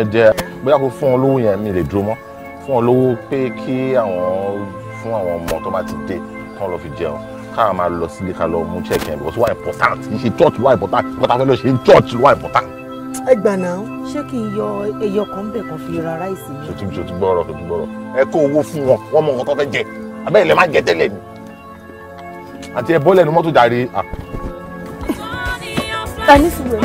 ẹ jẹ bóyá kó fún ọ lówó yẹn mi lè dúró mọ́ fún ọ lówó pé kí àwọn fún àwọn ọmọ tó bá ti dé kán lọ fi jẹun káwọn máa lọ sílé ká lọ mú check yẹn because wá important kì í ṣe church wá important nǹkan tá a fẹ́ lọ ṣe church wá important. ẹ gbà náà ṣé kí n yọ ẹyọ kan bẹ̀ kan fi ra ráìsì mi. ṣòtú gbọ́rọ̀ ṣòtú gbọ́rọ̀ ẹ kó owó fún wọn wọn mọ nǹkan tó jẹ abẹ́ ilẹ̀ má jẹ tẹ́lẹ̀ ni àti ẹ bọ́ lẹ́nu mọ́tò jàre. Ah. ta ní sùúrù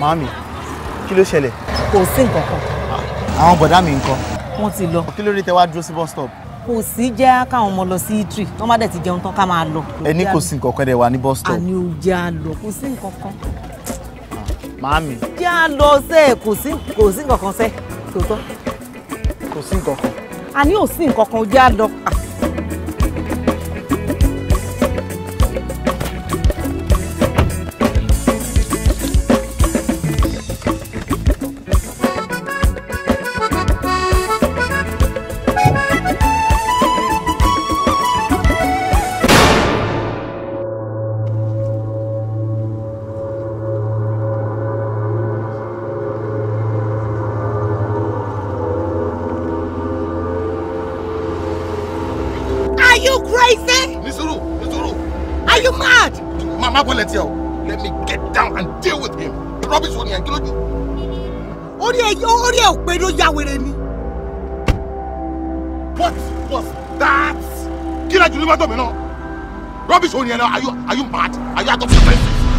Mami, kí ló ṣẹlẹ̀. kò sí nǹkan kan. àwọn bọ̀dá mi nǹkan. wọ́n ti lọ. kí ló dé tẹ wá dúró sí bus stop. kò sí jẹ́ káwọn ọmọ lọ sí itri tó má dẹ̀ ti jẹun tán ká máa lọ. ẹ ní kò sí nǹkan kan dẹ̀ wà ní bus stop. àní ò jẹ́ a lọ kò sí nǹkan kan. màámi. jẹ́ a lọ sẹ́ kò sí kò sí nǹkan kan sẹ́ tòótọ́. kò sí nǹkan kan. àní ò sí nǹkan kan ò jẹ́ a lọ. sórí ẹ náà are you are you mad are you out of your mind?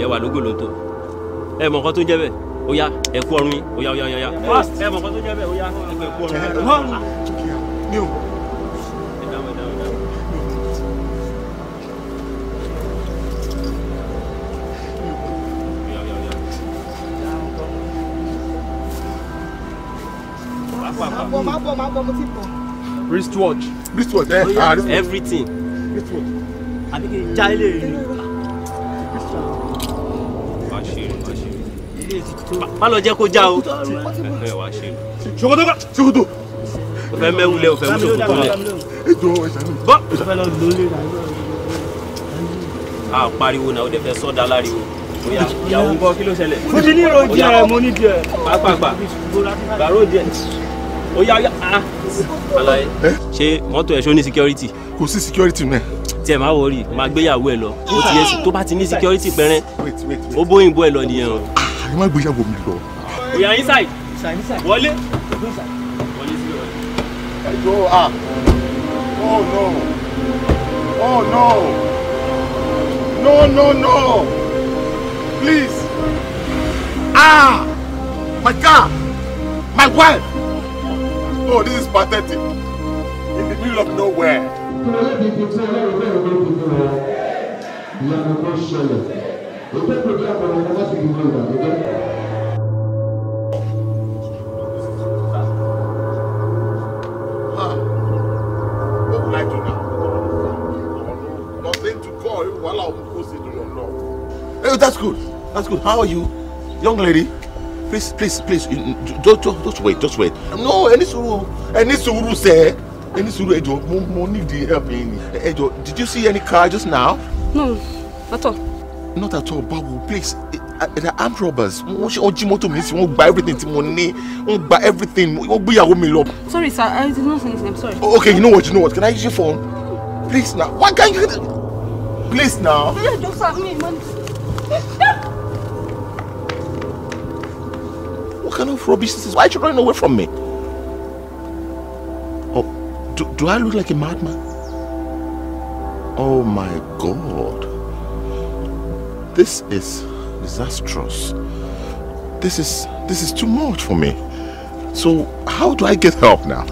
ẹ wà lógo ló ń tò ẹ tó ń jẹ bẹ́ẹ̀ ó yá ẹ kú ọrùn yín ó yá ó yá ó yá ẹ mọ nǹkan tó ń jẹ bẹ́ẹ̀ ó yá kú ọrùn yín. wristwatch wristwatch ẹ eh? ah wristwatch everything wristwatch. má lọ jẹ́ kó já o. ṣòkòtò ká ṣòkòtò. o fẹ́ mẹ́wù lẹ o fẹ́ mú ṣòkòtò lẹ. bọ́ o fẹ́ lọ lólè rà yóò. a pariwo náà o de fẹ́ sọ́dà láriwo o ìyàwó ń bọ̀ kí ló ṣẹlẹ̀. mo ti ní ìrò díẹ̀ mo ní díẹ̀. pàápàá gbàrò díẹ̀ oya oya ah alaye ṣe mọ́tò ẹ̀ ṣó ní security. kò sí security náà tí ẹ máa wọrí máa gbéyàwó ẹ lọ ó ti yẹ sí tó bá ti ní security pẹrẹn ó bóyìnbó ẹ lọ nìyẹn o. àyè ah, má gbéyàwó mi door. We are inside. Inside, inside. Wọlé. Inside. ah. Oh no. Oh no. No no no. Please. Ah! My car! My wife! Oh, this is pathetic. In the middle of nowhere. Yeah. That's good. How are you? Young lady, please, please, please, don't don't just wait, just wait. No, any ní any ẹ ní sùúrù sẹ́, ẹ ní need the help me ni. Ẹ eh, did you see any car just now? No, not at all. Not at all, Babu, please. Eh, eh, the armed robbers, wọ́n ṣe wọ́n jí mọ́tò mi sí, wọ́n everything tí mo ní, wọ́n gba everything, wọ́n gbéyàwó mi lọ. Sorry sir, I did not say anything, I'm sorry. Oh, okay, you know what, you know what, can I use your phone? Please now, why can't you? Please now. Yeah, just me, man. kind of rubbish is Why are you running away from me? Oh, do, do I look like a madman? Oh my God. This is disastrous. This is, this is too much for me. So how do I get help now?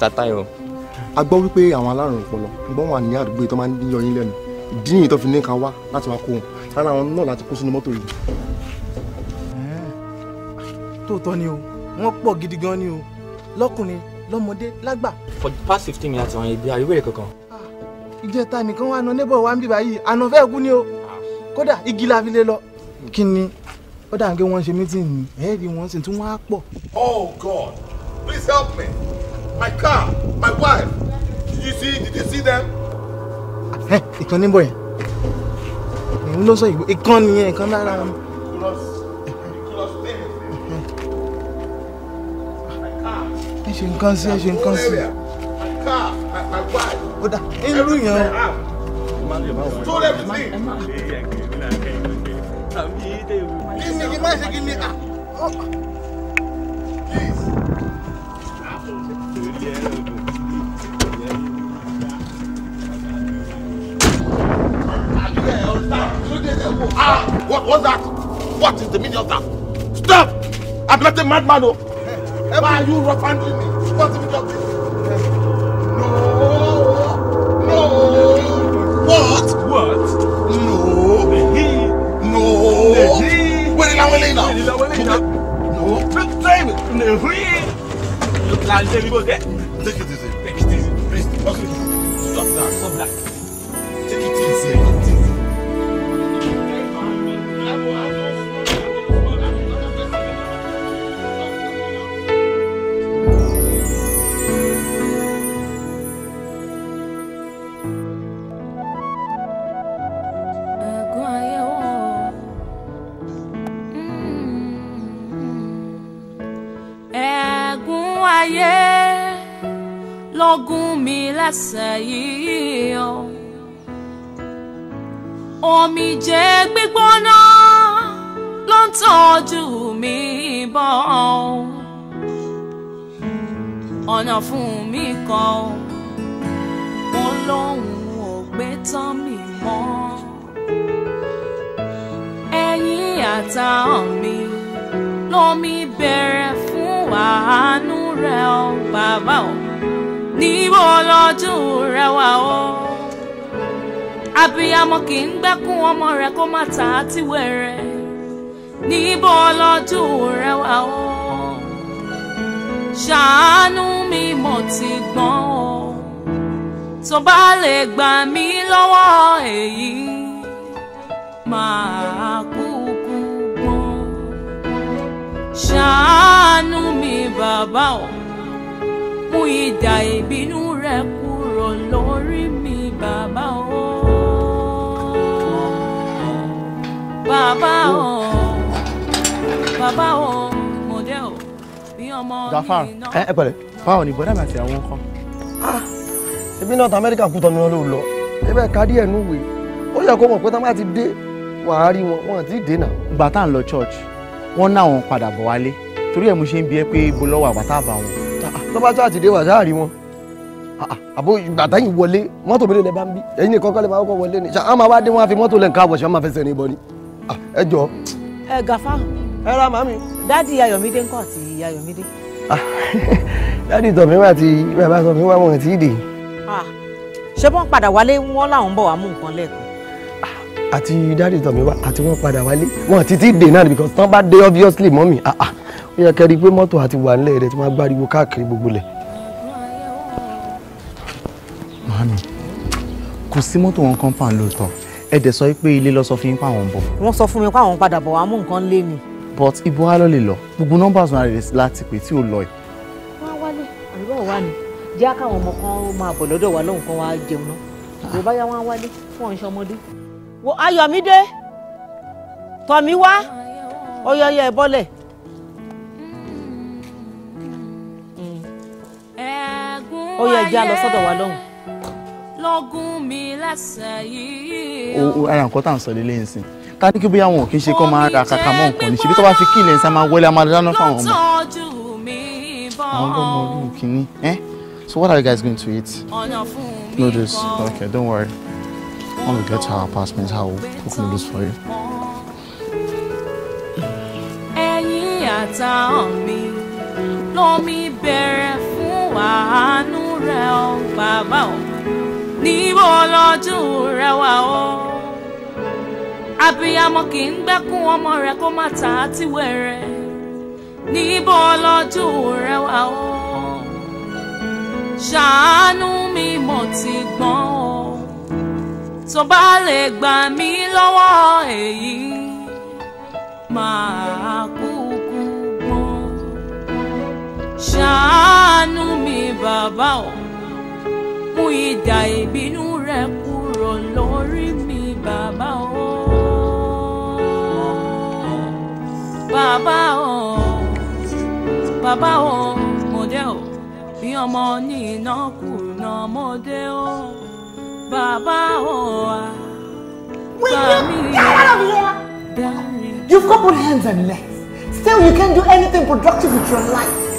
Mr. Tayo. a gbọ́ wípé àwọn alárùn ọpọlọ gbọ́n wà ní àdúgbò tó máa ń yọ yín lẹ́nu ìdí nìyí fi ní ká wá láti wá kó wọn lára àwọn náà láti kó sínú mọ́tò yìí. tóòtọ́ ni o wọ́n pọ̀ gidi gan ni o lọ́kùnrin lọ́mọdé lágbà. for the past fifteen minutes àwọn ibi àríwé rẹ̀ kankan. Ah, ìjẹta nìkan wà nọ neighbor wa ń bí báyìí àná fẹ́ kú ni o kódà igi la fi lè lọ. kí ni ó dà ń gé wọn ṣe mítìnì ẹ̀ẹ́dì wọn sì tún wá pọ̀. oh god please help me my car, my wife. Did you see? Did you see them? Ẹ ìkan níbọ̀ yẹn. Èmi ló sọ ìgbò ìkan nìyẹn ìkan lára wọn. Ẹ ṣe nǹkan My car, my nǹkan sí. Ó dà irú yẹn o. Stole everything. Kí ni kí n má ṣe kí ni? What was that? What is the meaning of that? Stop! I'm not a madman. Oh. Why are you rough handling me? What's the meaning of this? No! No! What? What? No! No! Where did I lay now? No! Look, David! No! Look, I'm telling you, Take it easy. Take it easy. Please. Okay. Stop now. Stop that. Take it easy. àṣàyí o omijé gbígbóná ló ń tọ́jú mi bọ̀ ọ̀nà fún mi kan mo lóhùn ò gbé tán mi mọ́ ẹ̀yìn àtàwọn mi lómi bẹ̀rẹ̀ fún àánú rẹ̀ o bàbá o níbo lọ́dún rẹ wà o abiyamọ kì í gbẹ́kún ọmọ rẹ kó má ta á ti wẹ̀rẹ̀ níbo lọ́dún rẹ wà o ṣàánú mi mo ti gbọ́n o tó bá lè gbà mí lọ́wọ́ èyí máa kúkú gbọ́n mi bàbá o mú idà ìbínú rẹ kúrò lórí mi bàbá o bàbá o bàbá o mọdẹ o bí ọmọ mi náà. ẹ pẹ̀lẹ́ báwo ni bọdá àti àwọn kan. Ah, ebi náà ta amẹ́ríkà kú tọ́nu ló lọ ebe ká díẹ̀ núwe ó yẹ kó mọ̀ pé tá a bá ti dé wàá rí wọn wọn ti dènà. ìgbà ń lọ church wọ́n náà wọn padà bọ̀ wálé torí ẹ̀ mo ṣe ń bi ẹ́ pé ibo lọ́wọ́ àgbà bá wọn tó bá tó àtìdé wà sáà rí wọn ah, ah, àbó bàtà yìí wọlé mọ́tò mi lè bá ń bí ẹ̀yin nìkan kọ́lé máa kọ́ wọlé ni ṣá àwọn àwádìí wọn á fi mọ́tò lẹ̀ ń ká àbọ̀ṣẹ́ wọn máa fẹsẹ̀ ní ìbọn ni ah, ẹ jọ. ẹ gàfá. ẹ ra màmí. dáàdi Ayọ̀mídé ńkọ́ àti Ayọ̀mídé. dáàdi tọ̀mí wà àti bàbá tọ̀mí wà wọn ti dè. ṣé wọ́n padà wálé wọn làwọn bọ̀ wá mú nǹkan lẹ́ẹ̀kan. àti dáàdi tọ̀mí wà àti wọ́n padà wálé wọn ti ti dè náà because tán bá dé obviously mọ́mì yẹ kẹ́rí pé mọ́tò àti wà nílẹ̀ rẹ̀ ti máa gbáriwo káàkiri gbogbo lẹ̀. màámi kò sí mọ́tò wọn kan fàn lóòótọ́ ẹ dẹ̀ sọ pé ilé lọ sọ fún yín pé àwọn ń bọ̀. wọ́n sọ fún mi pé padà bọ̀ wá mú nǹkan lé ni. but ibo wa ló lè lọ gbogbo nọ́mbà zùn àrẹ láti pè tí ò lọ yìí. wọ́n á wálé àbúrò wa ni jẹ́ káwọn ọmọ kan máa bọ̀ lọ́dọ̀ wa lóhùn kan wá jẹun náà yorùbá yá wọn á wálé fún ọ̀nṣẹ́ ọmọdé. wo ayọ̀mídé tọ̀mí wá ọyọyọ ó yẹ jẹ́ a lọ sọ́dọ̀ wa lọ́hùn. lọ́gùn mi lẹ́sẹ̀ yìí. o ara nǹkan tá à ń sọ lélẹ́yìn sí ta ní kí bóyá wọn ò kí ń ṣe kó máa ra kàkà mọ́ nǹkan ní ṣe bí tó bá fi kí ilẹ̀ ń sá máa wọlé a máa dáná fáwọn ọmọ. àwọn ọmọ ọdún kìíní ẹ so what are you guys going to eat? noodles okay don't worry when we get to our apartment I will cook noodles for you. ẹyin àtàwọn mi lọ mi bẹ̀rẹ̀ fún àánú rẹ ọ bàbá ọ níbo lọ́dún rẹ wà ọ. abiyamọ kì í gbẹ́kún ọmọ rẹ kó má ta á ti wẹ̀rẹ̀ níbo lọ́dún rẹ wà ọ. ṣàánú mi mọ̀ ti gbọ́n ọ tó bá lè gbà mí lọ́wọ́ èyí máa kúkú gbọ́n ṣàánú bàbá ọ̀hún mú idà ìbínú rẹ̀ kúrò lórí mi bàbá ọ̀hún bàbá ọ̀hún bàbá ọ̀hún mọ̀dẹ́ ọ̀hún bí ọmọ ní iná kùnà mọ́dé ọ̀hún bàbá ọ̀hún William, get out of here! Darling. You've got both hands and legs. Still, you can't do anything productive with your life.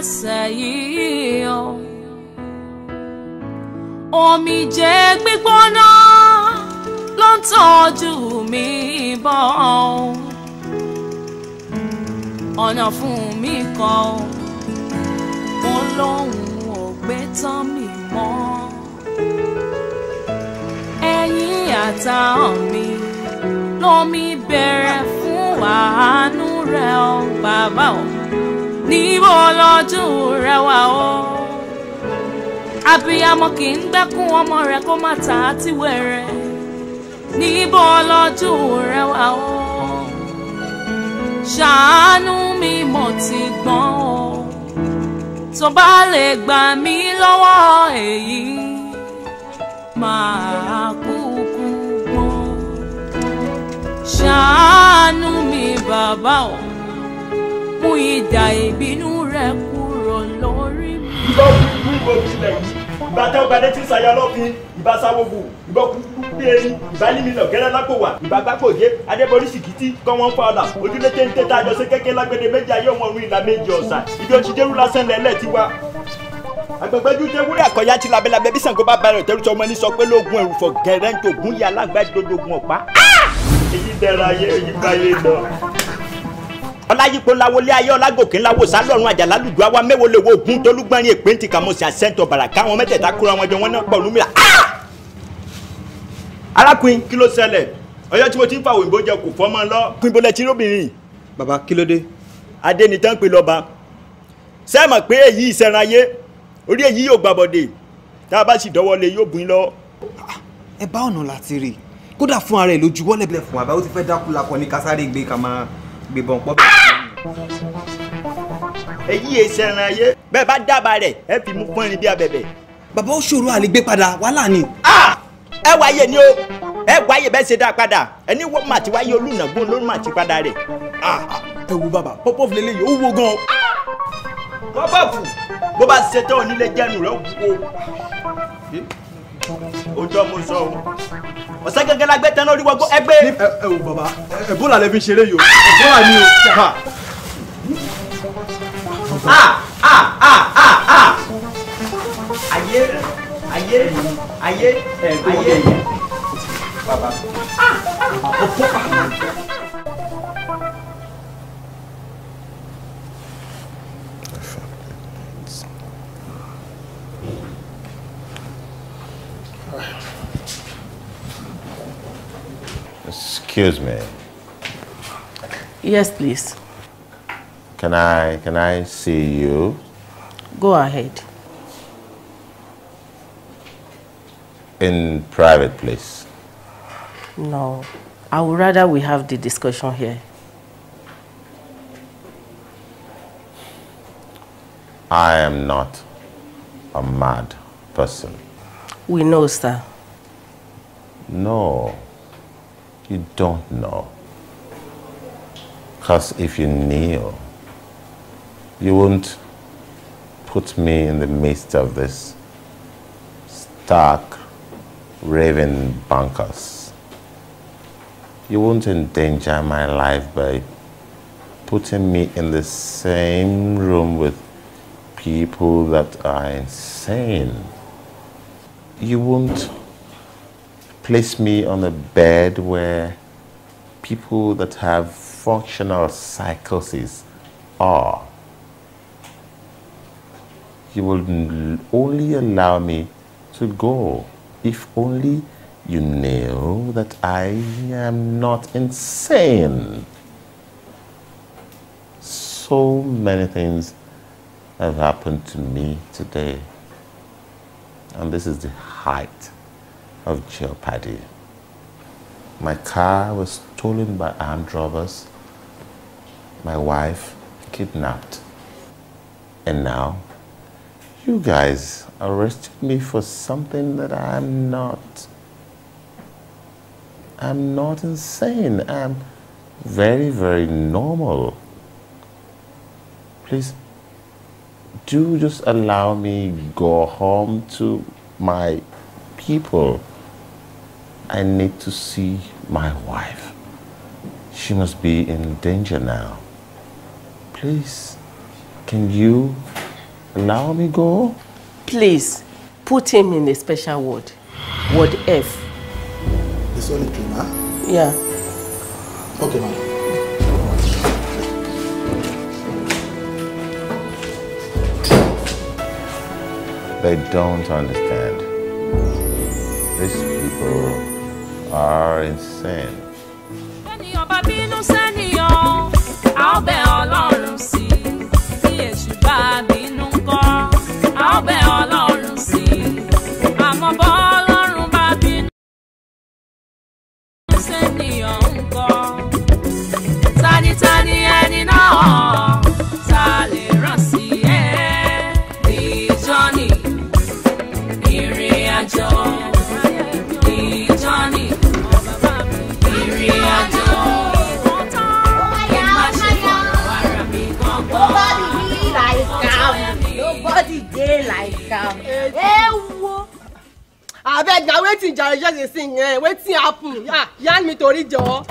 àsẹ̀yìn o omijé gbígbóná ló ń tọ́jú mi bọ̀ ọ̀nà fún mi kan mo lóhùn ò gbé tán mi mọ́ ẹ̀yìn àtàwọn mi lómi bẹ̀rẹ̀ fún àánú rẹ̀ o bàbá o níbo lọ́dún rẹ wà o. abiyamọ kì í gbẹ́kún ọmọ rẹ kó má ta á ti wẹ̀rẹ̀ níbo lọ́dún rẹ wà o. ṣàánú mi mo ti gbọ́n o tó bá lè gbà mí lọ́wọ́ èyí máa kúkú gbọ́n ṣàánú mi bàbá o mú ìdà ìbínú rẹ kúrò lórí mi. ìbá kúkú ìbò tilẹ̀ yìí ìbá tẹ́ ọgbà dẹ́tí ṣayá lọ́fin ìbá sáwọ́gbò ìbá kúkú bí erin ìbá límìnà gẹ́rẹ́ lápò wà ìbá gbàgbọ́dé adébọ̀rí sìkìtì kọ́ wọn fa ọ̀la ojúlé téńté tá a jọ sí kékeré lágbèdè méjì ayé ọmọ ọ̀run ìlà méjì ọ̀sà ibi ó ti dérú lásán lẹ́lẹ́ ti wá agbẹgbẹju tẹ wúrẹ àkọyá ti labẹlabẹ bí Ṣàngó bá balẹ̀ tẹrù tí ọmọ ní sọ pé lóògùn ẹrùfọ gẹrẹ ń tògùn yìí alágbàdo lóògùn ọ̀pá. Ah! èyí dára ayé èyí báyé lọ ọláyípo lawolé ayé ọlágòkè ńláwó sálọ̀run àjàlá lùdú àwa mẹ́wòó lè wo ògún tólúgbọ́nrin èpè ntì kàmọ́sí àṣẹ́ntọ̀ bàrà káwọn mẹ́tẹ̀ẹ̀ta kúra wọn jọ wọn náà pọ̀ lómìnira. Ah! arákùnrin kí ló ṣẹlẹ̀ ọyọ́ tí mo ti ń fa òyìnbó jẹ kò fọ́ mọ́ lọ. pinbole ti róbìnrin. baba kí ló dé. adé ni tán pé lọ́ba sẹ́mọ̀ pé èyí ìṣẹ̀ran ayé orí èyí yóò gbàbọ̀dé tá a bá sì dọ́wọ́ lé yóò bùn lọ. ẹ bá ọ̀nà láti rè kódà fún ara ẹ̀ lójú wọ́lẹ̀ bẹ̀rẹ̀ fún wa bá ó ti fẹ́ dákú lakọ ní kásáré gbé kàmáà gbébọn pọ́ bẹ́ẹ̀. èyí èsì ẹran ayé bẹ́ẹ̀ bá dábàá rẹ̀ ẹ fi mú pọ́nrin bí abẹ̀bẹ̀. bàbá ó ṣòro àlégbé padà wàhálà ni. ẹ wáyé ni o ẹ wáyé bẹ́ẹ̀ ṣe dáa padà ẹni wọ́n mà ti wáyé olùnàgbọ́n ló mà ti padà rẹ̀. ẹ wo bàbá pọ́pọ́fù lélẹ́yìí ó wo gan. pọ́pọ́fù bó bá ṣetán onílé jẹ́nu rẹ̀ wò ó ọjọ́ mo sọ o ọ̀sẹ̀ gẹ́gẹ́ la gbé tẹ́ná orí wọgbọ́ ẹgbẹ́. ẹ ẹ wò bàbá ẹ̀bùn làlẹ́ fi ṣeré yìí o ẹ̀bùn là o. ayé ayé ayé ayé bàbá. Excuse me. Yes, please. Can I, can I see you? Go ahead. In private, please. No. I would rather we have the discussion here. I am not a mad person. We know, sir. No you don't know. Because if you knew, you wouldn't put me in the midst of this stark, raving bankers. You wouldn't endanger my life by putting me in the same room with people that are insane. You won't place me on a bed where people that have functional psychosis are. You will only allow me to go if only you know that I am not insane. So many things have happened to me today, and this is the height of jeopardy. My car was stolen by armed robbers, my wife kidnapped. And now, you guys arrested me for something that I'm not. I'm not insane. I'm very, very normal. Please do just allow me go home to my people. I need to see my wife. She must be in danger now. Please, can you allow me go? Please, put him in a special ward. Ward F. It's only two, huh? Yeah. Okay, ma'am. They don't understand. These people are insane. na wetin jare just dey sing eh wetin happen ah yarn me tori jọ.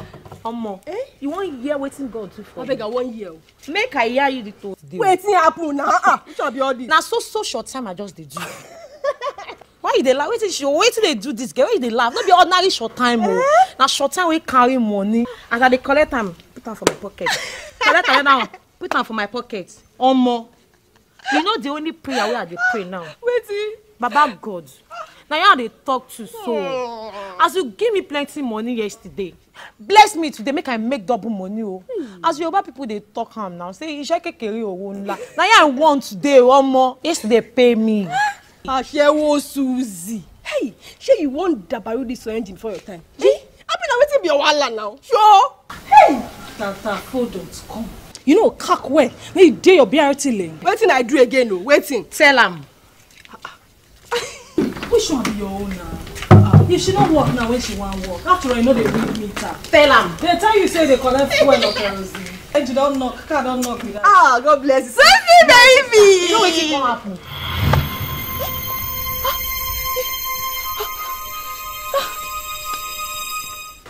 omo eh you wan hear wetin god do for you. abeg i wan hear o. make i hear you the tori. wetin happen na ah which be all this? na so so short time i just dey do. why you dey laugh wetin she wetin dey do dis girl why you dey laugh no be ordinary short time o eh? na short time wey carry money as i dey collect am put am for my pocket collect am now put am for my pocket omo you know the only prayer wey i dey pray now wetin baba god na you i dey talk to so hmm. as you give me plenty money yesterday bless me today make i make double money o oh. hmm. as yoruba people dey talk am now say iṣẹ́ kékeré owó ńlá na you i want today ọmọ yesterday pay me. aṣẹ́wó suzy hey shey you wan dabaru dis your engine for your time. abi na wetin be your wahala now. sure. hey tata folders come. you know kak well when you dey your brt lane. wetin i do again o oh, wetin. tell am. Ah, ah. which one be your own now if she don't work now when she want work after all you know they dey me meter tell am They tell you say they collect fuel or kerosene edge don knock car don't knock me down ah god bless you save me baby you know wetin come happen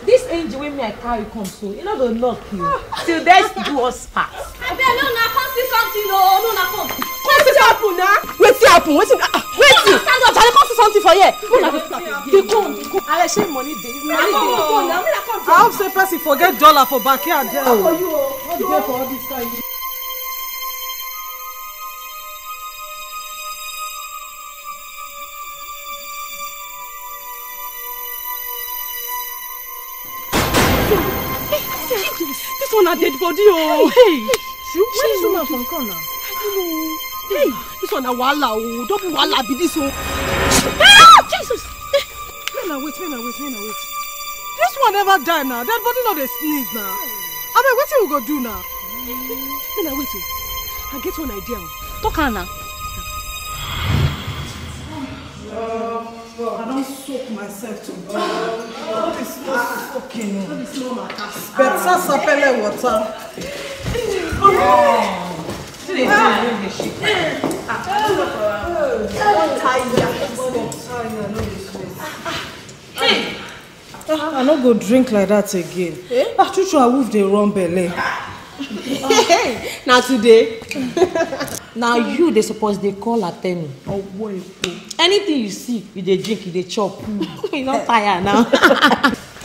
this angel wey me i carry come so e no go knock you till death do us part. abeg no una come see something oo no una come. wetin happen na. wetin happen wetin wetin stand up jare come see something for here. no na dey come dey come. ale shey money dey money dey. i hope say person forget dollar for backyard there. i for you oo. Oh? you dey for all this time. This one a dead body oh. Hey, where is woman from Corner. now? I don't know. Hey, this one na wahala Don't be wahala be this o. Ah, Jesus! May eh, na wait, may wait, may wait. This one never die now. Dead body not a sneeze now. Hmm. Abeg, what you go do now? May hmm. wait o. Oh. I get one idea o. Talk am na. I don't soak myself to death. Oh, this is not soaking. This is not my task. Better sapele water. Oh. I no go drink like that again. Eh? Ah, true, true, I wolf the wrong belle. na today na you dey suppose dey call attorney. ọwọ́ epo. anything you see you dey drink you dey chop you no tire now.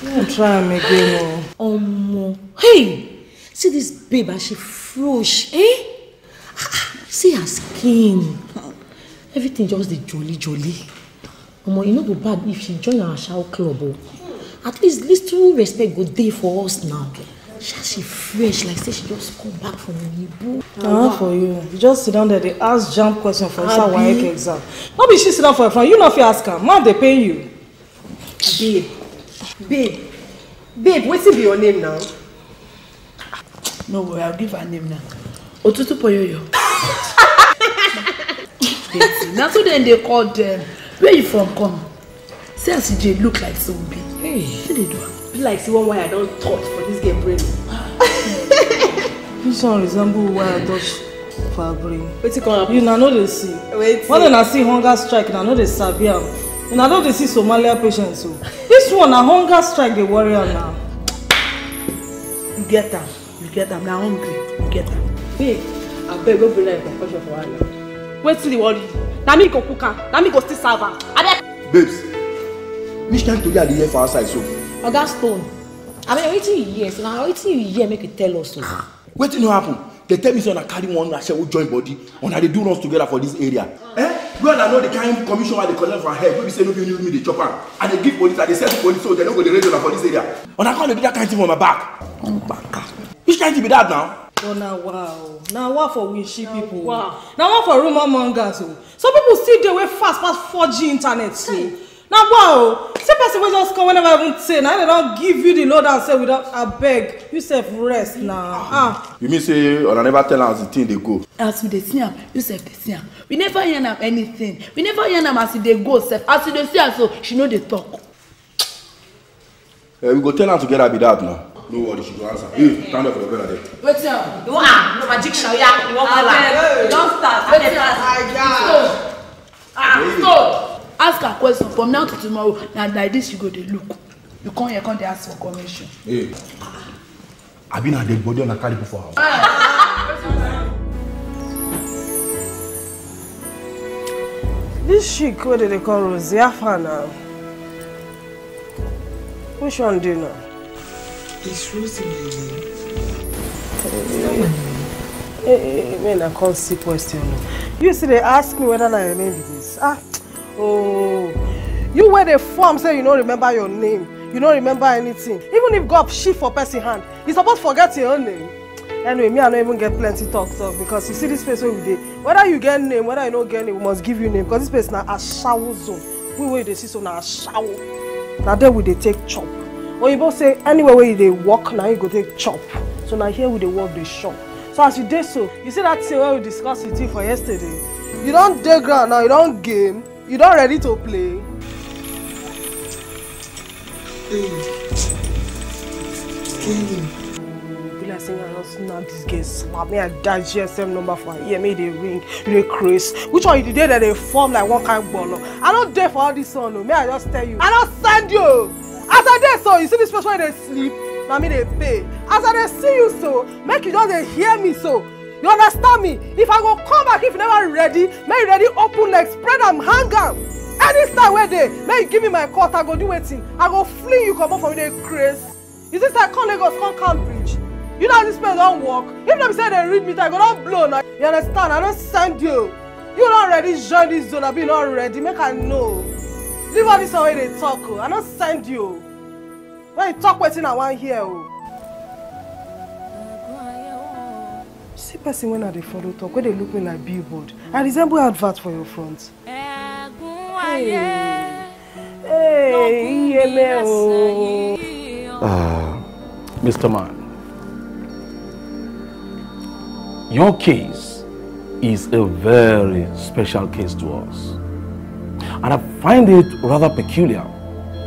no try am again o. Oh. ọmọ hey see this babe as she fresh eh see her skin everything just dey jolly jolly omo e no go bad if she join our shower club o oh. at least little respect go dey for us now. Okay she fresh like say she just come back from the Ibu. Uh, for you. You just sit down there, they ask jump question for Isa WAEC exam. No be she sit down for her friend, you no fit ask her, man they pay you. Babe, babe, babe, wetin be your name now? No worry, I'll give her name now. Otutu Poyoyo. Now so then they call them. Where you from come? See as you look like zombie. Hey. What dey do be like say one I don't touch for this game, brain which one resemble I touch for her brain wetin come happen you na no dey see Wait. when una see hunger strike na no dey sabi You una no dey see somalia patients o This one a hunger strike dey worry am na. you get am you get am na hungry you get am. I beg no bring that confusion for her Wait till dey worry you na me go cook am na me go still serve am. babes which kind tori i dey hear for outside so oga stone i mean wetin you hear so na wetin you hear make you tell us o. wetin no happen dey tell me say una carry one asewo join body una dey do runs together for dis area. Ah. Eh? well i know the kind commission i dey collect for head wey be say no be only me dey chop am i dey give police i dey sell to police so dem no go dey raise una for dis area una come dey do that kind thing for my back. nkpaka. which kind thing be that now. Oh, na wa o na wa for winshi people o na wa for rumour mongers o oh. some people still dey wey fast pass 4g internet o. So. Now, wow see person wey just come whenever I want to say Now, they don't give you the load and say without beg, you sef rest na. Ah. you mean say I never tell am as the thing dey go. as we dey see am you sef dey see am we never hear am anything we never hear am as e dey go sef as you e dey see am so she know they talk. Uh, we go tell am together be that now. no worry she go answer you stand up for the better day. Wait, sir. you want ah no magic show yeah. you want to? am. abeg Don't start abeg start. so ah stop ask her question from now to tomorrow na like this you go dey look you come here come dey ask for commission. Hey. abi na dead body una carry put for house. this chick wey dem dey call rosie afa na which one do you know. it's rosie lele. Hey, hey, hey, man, I can't see question. You see, they ask me whether I remember this. Ah, oh you wear the form say you no remember your name you no remember anything even if god shift for person hand you suppose forget your own name anyway me i don't even get plenty talk talk because you see this place wey we dey whether you get name whether you no get name we must give you name because this place na shower zone we wey you dey see so na asawo na there we dey take chop you both say anywhere where you dey walk, now you go take chop so now here we dey walk the shop so as you dey so you see that thing wey we discuss with you for yesterday you don't dey ground now you don't game. You don ready to play? Be like saying I don snap this girl slap me I die GSM number for her ear make dey ring dey craze which one you dey that they form like one kind gbolo I don dey for all this one o may I just tell you I don send you as I dey so you see this person wey dey sleep na me dey pay as I dey see you so make you just dey hear me so you understand me if i go come back if you never ready may you ready open leg spread am hang Any anytime where they may you give me my cut i go do wetin i go fling you come up from you dey craze you see say i come lagos come Cambridge. you know this place don't work if them say they read me, i go don blow na you understand i don't send you you not ready join this zone abi you don ready make i know leave all this away. They talk oh. i don't send you when you talk wetin i want here. o. Oh. see person when i dey follow talk wey dey look me like billboard i resemble advert for your front. ẹ̀gún ayé lókun mi Mr. Ah, Man, your case is a very special case to us. And I find it rather peculiar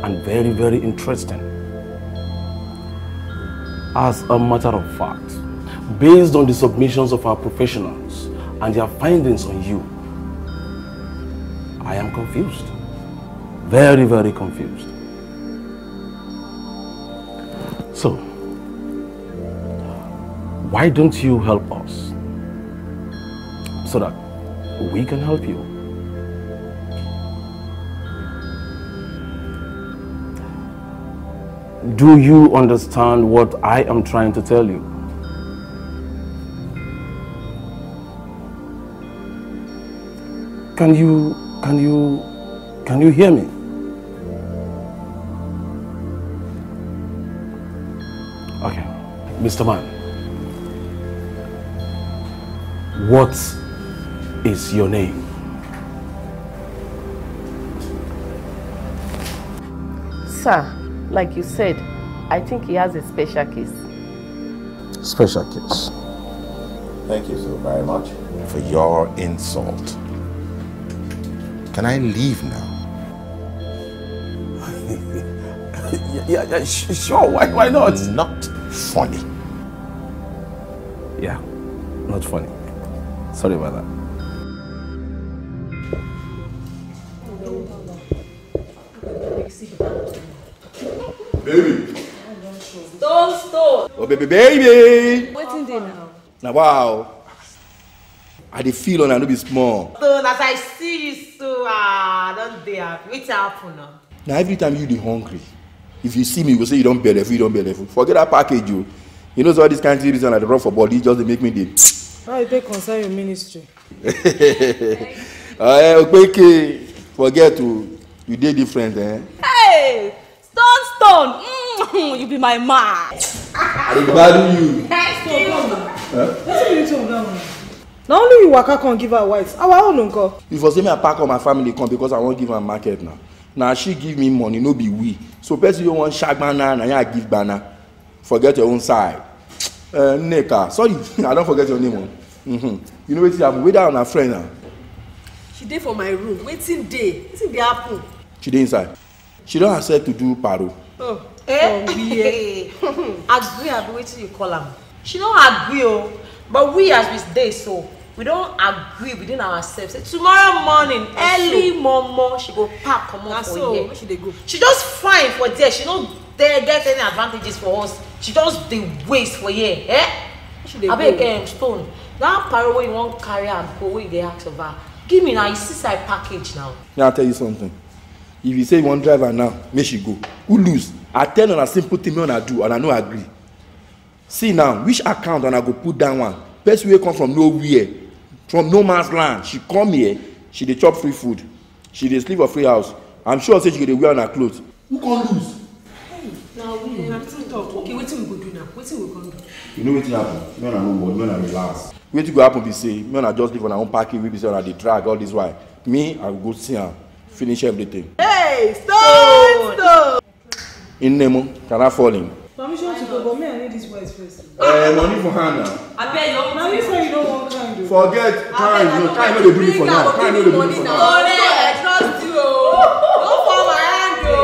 and very, very interesting. As a matter of fact, based on the submissions of our professionals and their findings on you, I am confused. Very, very confused. So, why don't you help us so that we can help you? Do you understand what I am trying to tell you? Can you, can you, can you hear me? Okay, Mr. Man, what is your name? Sir, like you said, I think he has a special case. Special case. Thank you so very much for your insult. Can I leave now? yeah, yeah, sure. Why, why not? Not funny. Yeah, not funny. Sorry about that. Baby. don't stop. Oh, baby, baby. Waiting dinner. Now, wow. i dey feel una no be small so as i see you so ah i don dey happy wetin happen na na every time you dey hungry if you see me you go say you don belleful you don belleful forget that package o oh. you know say all this kind thing reason i dey rub for body just dey make me dey. how you take concern your ministry. ọ̀ẹ́ òpèké eh, forget o oh. you dey different. Eh? Hey, stone stone mm, you be my man. i dey value you. Hey, stone. come. Huh? Wetin you do now? na only you waka come give her wife our own nko. you for say me i pack all my family come because i wan give am market na na she give me money no be we so person wey wan sha gbana na I give gbana forget your own side uh, nneka sorry i don forget your name o oh. mm -hmm. you know wetin happen whether una friend na. she dey for my room wetin dey wetin dey happen. she dey inside she don accept to do paro. oh eh oh, we agree abi wetin you call am she no agree o oh. but we as we dey so we don agree within ourselves say tomorrow morning early momo she go pack comot for here she she just fine for there she no dey get any advantages for us she just dey waste for here eh abeg um, stone that parrot wey you wan carry am go wey you dey ask of her give me na you see side package now. may i tell you something if you say you wan drive her now make she go who lose i tell una simple thing wey una do and i no agree see now which account una go put that one person wey come from nowhere from no man's land she come here she dey chop free food she dey sleep for free house i'm sure say she go dey wear una cloth who come lose. Now we have to talk okay wetin we go do now wetin we come do. you know wetin happen make una no worry make una relax. wetin go happen be say make una just live on our own parking We be say una dey drag all this while me i go see her. finish everything. hey stone stone. in name can i fall in. Permission to go, but may I need this words first. Uh, money for Hannah. now. I bet you. Now you say you don't want to kind. Forget kind. No, kind no dey do for now. Kind no dey do for now. Oh, I trust you. Oh. Don't fall my hand, yo.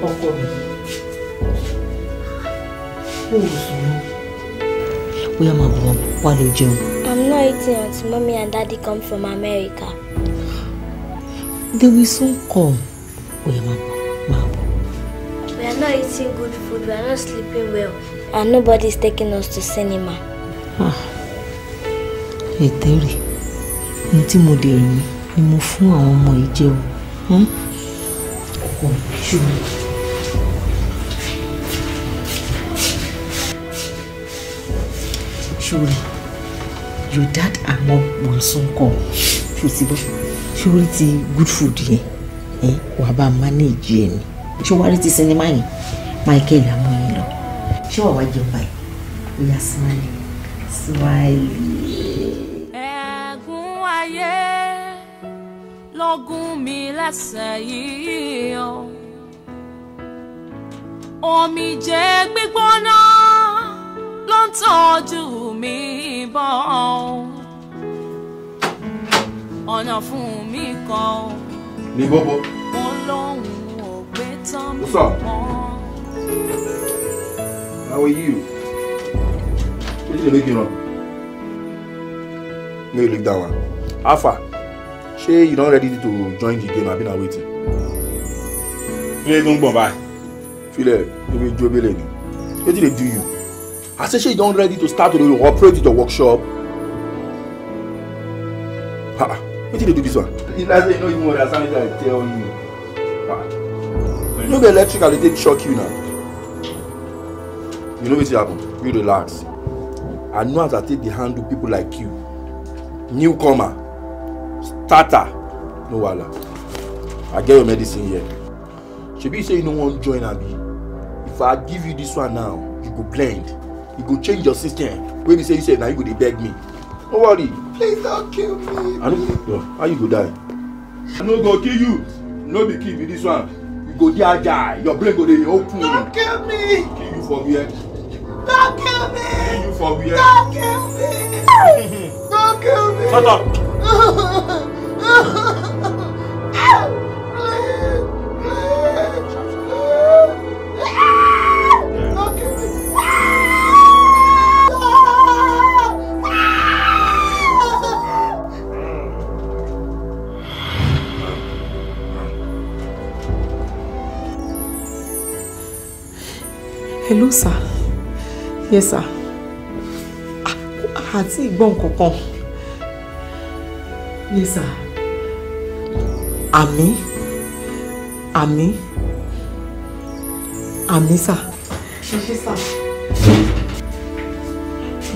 Oh. ọkọ mi ó ò sùn mọ́ you máa I'm not eating until mommy and daddy come from America. They will soon come. We are not eating good food, we are not sleeping well, and nobody is taking us to cinema. Ah, ètè rè ní tí mo dè rìn ni mo fún àwọn ọmọ yìí Surely, hm? your dad and mom will soon come. Ṣùtìbọ̀ security good food yẹn ẹ wàá bá manage ẹ ni ṣé wàá rí ti sinimá yẹn Michael amóyin lọ ṣé wàá wá jẹun báyìí ìyá smiley smiley. ẹ̀gún ayé lọ́gùn mi lẹ́sẹ̀ yìí o omijé gbígbóná ló ń tọ́jú mi bọ́ ọ̀nà fún mi kan o. ní gbogbo. mo lóhùn ò tán mi mọ́. How are you? What you looking on? No, you look that one. How far? Ṣé you don ready to join the game? I've been waiting. Ilé tó ń gbọ̀n báyìí. Filẹ̀ ebi ju obìnrin ni. Wetin dey do you? I say ṣé you ready to start to dey operate your workshop? Ha! did dey do this one. if doesn't know you no even understand wetin i tell you ah no be electrical dey take shock you now you know wetin happen you relax i know as i take dey handle people like you newcomer starter no wahala i get your medicine here shebi be saying you no wan join abi if i give you this one now you go blend you go change your system wey be say you say now, you go dey beg me no worry Please don't kill me. I no, no. How you go die? I no go kill you. No be kill me this one. You go there die. Your brain go dey open. Don't kill me. Kill you for me. Don't kill me. Kill you for where? Don't kill me. don't kill me. Shut up. Hello, sir. Yes, sir. Àti ìgbọ́n kankan. Yes, sir. Àmì. Àmì. Àmì, sir. Ṣé ṣé, sir?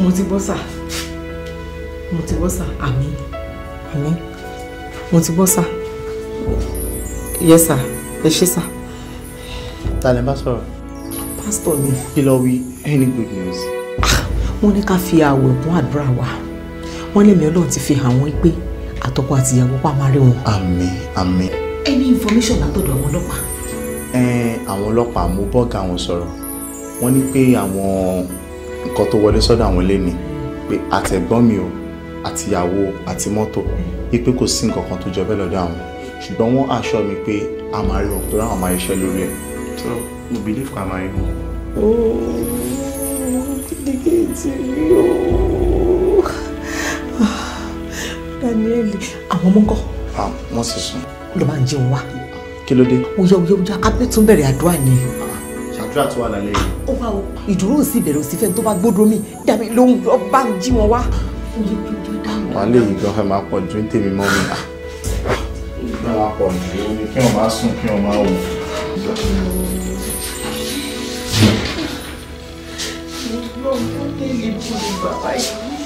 Mo ti gbọ́, sir. Mo ti gbọ́, sir. Àmì. Àmì. Mo ti gbọ́, sir. Yes, sir. Ẹ ṣé, sir. Ta lẹ bá sọ̀rọ̀? Pastor, ni. kí ló wí any good news. wọ́n ní ká fi àwẹ̀ kún àdúrà wa wọ́n lẹ́mìí ọlọ́run ti fi hàn wọ́n pé àtọkọ àtìyàwó pa máa rí wọn. àmín àmín. any information látọ̀dọ̀ àwọn ọlọ́pàá. ẹ àwọn ọlọ́pàá mú bọ́ọ̀gà àwọn sọ̀rọ̀ wọ́n ní pé àwọn nǹkan tó wọlé sọ́dọ̀ àwọn ilé ni pé àtẹ̀gbọ́n mi o àtìyàwó àti mọ́tò wípé kò sí nǹkan kan tó jọ bẹ́ẹ̀ lọ́dọ̀ àwọn ṣùgbọ́n wọ́n assure mi pé a máa rí ọ̀pọ̀ mo believe ka máa yọ. oh ti rí o Daniel àwọn ọmọ kọ. Ah, wọ́n sì sùn. ló máa ń jẹun wá. kí ló dé. oya oya oya abẹ́ tún bẹ̀rẹ̀ àdúrà ni. Ah, ṣàdúrà tó wà lálẹ́ yìí. ó wà o ìdúró ò sì bẹ̀rẹ̀ òsì fẹ́ni tó bá gbódò mi dàbí ló ń bá ń jí wọn wá. wàá lè yí gan-an máa pọ̀ ju tèmi mọ́ mi náà ah, pọ̀ ní o ní kí wọ́n máa sùn kí wọ́n Don't leave me, babai.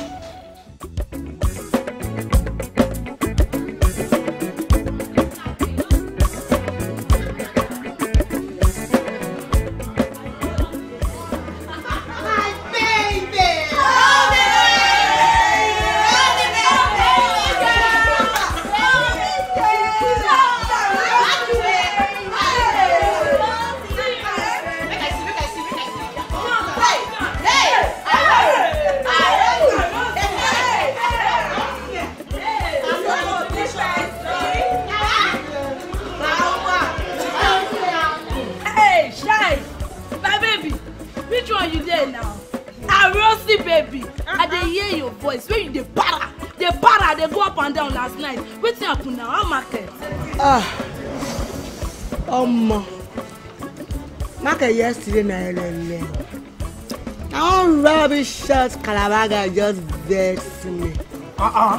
boys wey you dey para dey para dey go up and down last night wetin happen na how market. ah omo market yesterday na elele na one rubbish short calabaga just vex me. Uh-uh.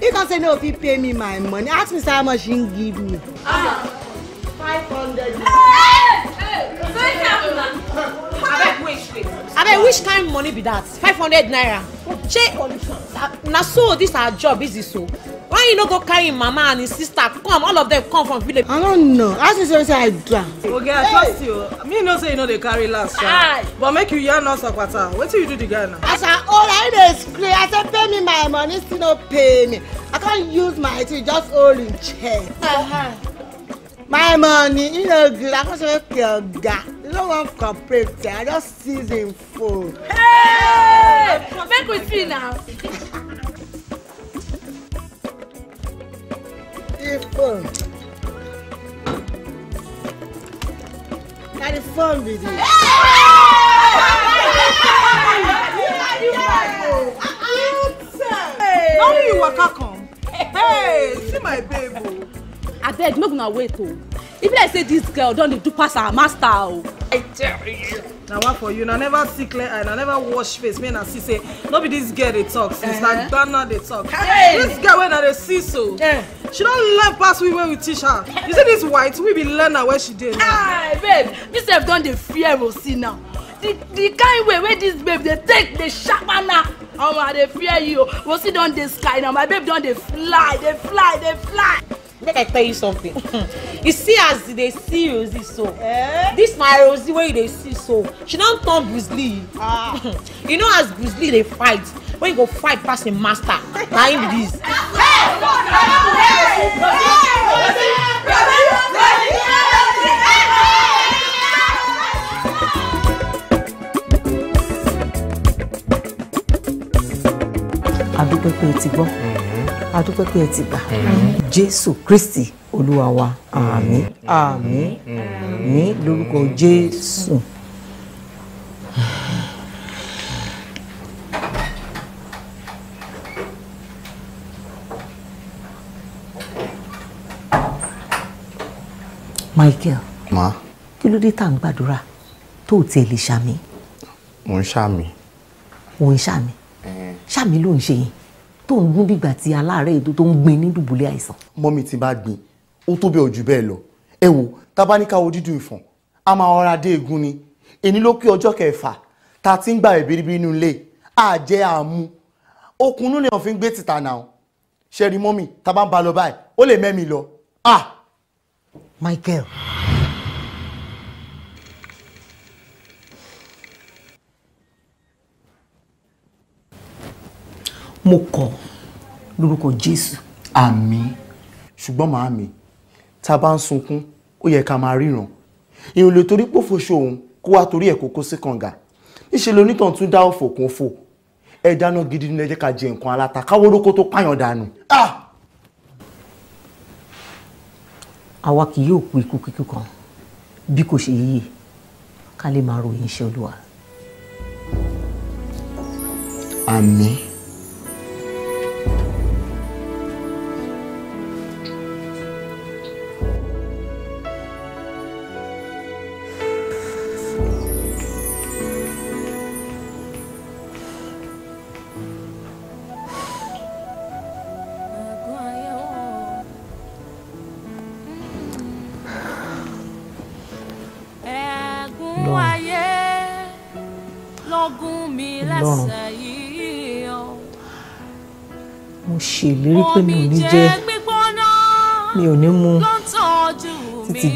he come say no fit pay me my money ask me how much he give me. ah five hundred. Hey! Hey! So wetin happen na. abeg wait wait. abeg which kind money be that five hundred naira shey na so this our job is so why you no go carry mama and his sister come all of them come from village. i don't know As you say i do Okay, i trust you me no say you no dey carry last time. but make you yarn us akpata wetin you do the guy now. as i all i dey scream i say pay me my money still no pay me i can't use my teeth just hold him chair. Uh -huh my money e no good i come say make your oga you no wan cooperate i just seize him phone. Hey! make we see now. the phone. na the phone be this. Hey! Now you waka come. Hey, see my babe o abeg make una wait o oh. If be like say dis girl don dey do pass her master o. Oh. i tell you. na one for you na never see clear eye na never wash face make na see say no be dis girl dey talk since na uh-huh. ghana dey talk dis girl wey na dey see so she don learn pass we wey we teach her you see dis white we be learn na where she dey now. ah babe me sef don dey fear rosi now the the kind way wey this babe dey take dey sharpana omo i dey fear you oh. rosi don dey sky now my babe don dey fly dey fly dey fly make i tell you something you see as you dey see rosie so eh? this my rosie wey you dey see so she don turn bruce lee ah. you know as bruce lee dey fight when you go fight pass him master na him be this. àdúgbò pé ti gbọ́ adúpẹ́ pé ẹ ti gbà jésù kristi olúwa wa àmín àmín ní lórúkọ jésù. michael ma kí ló dé tá à ń gbàdúrà tó o tiẹ̀ lè ṣàmì. mo ń ṣàmì. mo ń ṣàmì eh. ṣàmì ló ń ṣe yẹn tó ń gún bígbà tí aláàárẹ̀ ètò tó ń gbin ní dùbúlẹ̀ àìsàn. mọ́mí ti bá gbin ó tó bẹ́ẹ̀ ojú bẹ́ẹ̀ lọ ẹ wo tabaníkàwọ́ dídùn ìfọ̀n a máa ọ̀rá dé egun ni èní ló pé ọjọ́ kẹfà ta ti ń gbà ẹ̀ bíríbí inú ilé àjẹ́ àmú okùn inú lèèyàn fi ń gbé tìta náà ṣẹ́ẹ̀rí mọ́mí tá a bá ń ba lọ báyìí ó lè mẹ́mi lọ. Ah! Michael. mo kọ̀ lórúkọ Jésù. àmín ṣùgbọ́n màámi tá a bá ń sunkún ó yẹ ká máa ríran ìrìn lè torí pòfo ṣòun kó wá torí ẹ̀ kókó sí kànga níṣẹ́ lonítàn tún dá ọ̀fọ̀ kún fò ẹ dáná gidi ní ẹ jẹ́ ká jẹ nǹkan aláta káwórókó tó pààyàn dànù. Ah! àwa kì yóò kú ikú kíkú kan bí kò ṣe yíyẹ ká lè máa ròyìn iṣẹ́ olúwa. àmín.